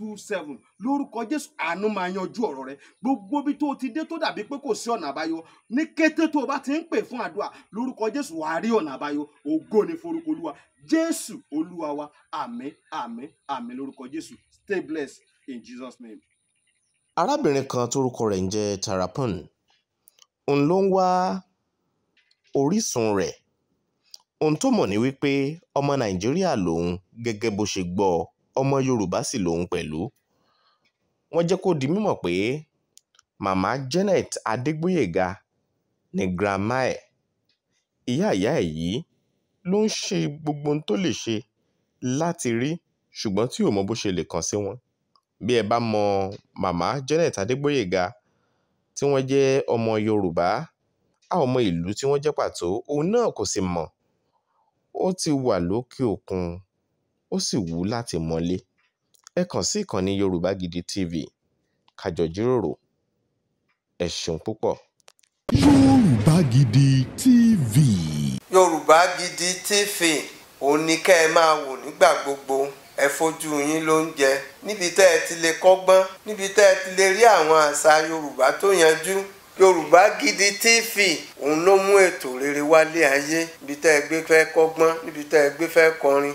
two seven lórúkọ jésù àánú máa yanjú ọ̀rọ̀ rẹ gbogbo bí tó o ti dé tó dàbí pé kò sí ọ̀nà àbáyọ ní kété tó o bá ti ń pè fún àdúrà lórúkọ jésù wàá rí ọ̀nà àbáyọ ògo ni forúkọ olúwa jésù olúwa wa àmín àmín àmín lórúkọ jésù stay blessed in jesus name. arábìnrin kan tórúkọ rẹ̀ ń jẹ́ tarapon òun ló ń wá orísun rẹ̀ ohun tó mọ̀ ni wípé ọmọ nàìjíríà lòun gẹ́gẹ́ bó ṣe gbọ́ ọmọ yorùbá sì lòun pẹ̀lú wọ́n jẹ́ kó di mímọ̀ pé màmá janet adégbòyega ní grandma ẹ̀ ìyá ìyá ẹ̀ yìí ló ń ṣe gbogbo ohun tó lè ṣe láti rí ṣùgbọ́n tí ò mọ bó ṣe lè kàn sí wọn bí ẹ bá mọ màmá janet adégbòyega tí wọ́n jẹ́ ọmọ yorùbá a ò mọ ìlú tí wọ́n jẹ́ pàtó òun náà kò sì mọ̀ ó ti wà lókè òkun ó sì wù ú láti mọ̀lé ẹ kàn sí ìkànnì Yorùbá Gidi TV ká jọ jíròrò ẹ ṣeun púpọ̀. Yorùbá Gidi TV. Yorùbá Gidi TV òun ni kẹ́ ẹ máa wò nígbà gbogbo ẹ fojú yín ló ń jẹ níbi tẹ́ ẹ ti lè kọ́gbọ́n níbi tẹ́ ẹ ti lè rí àwọn àṣà Yorùbá tó yanjú yorùbá gidi tv òun ló mú ètò rere wálé ayé níbi tẹ́ ẹ gbé fẹ́ kọ́gbọ́n níbi tẹ́ ẹ gbé fẹ́ kọrin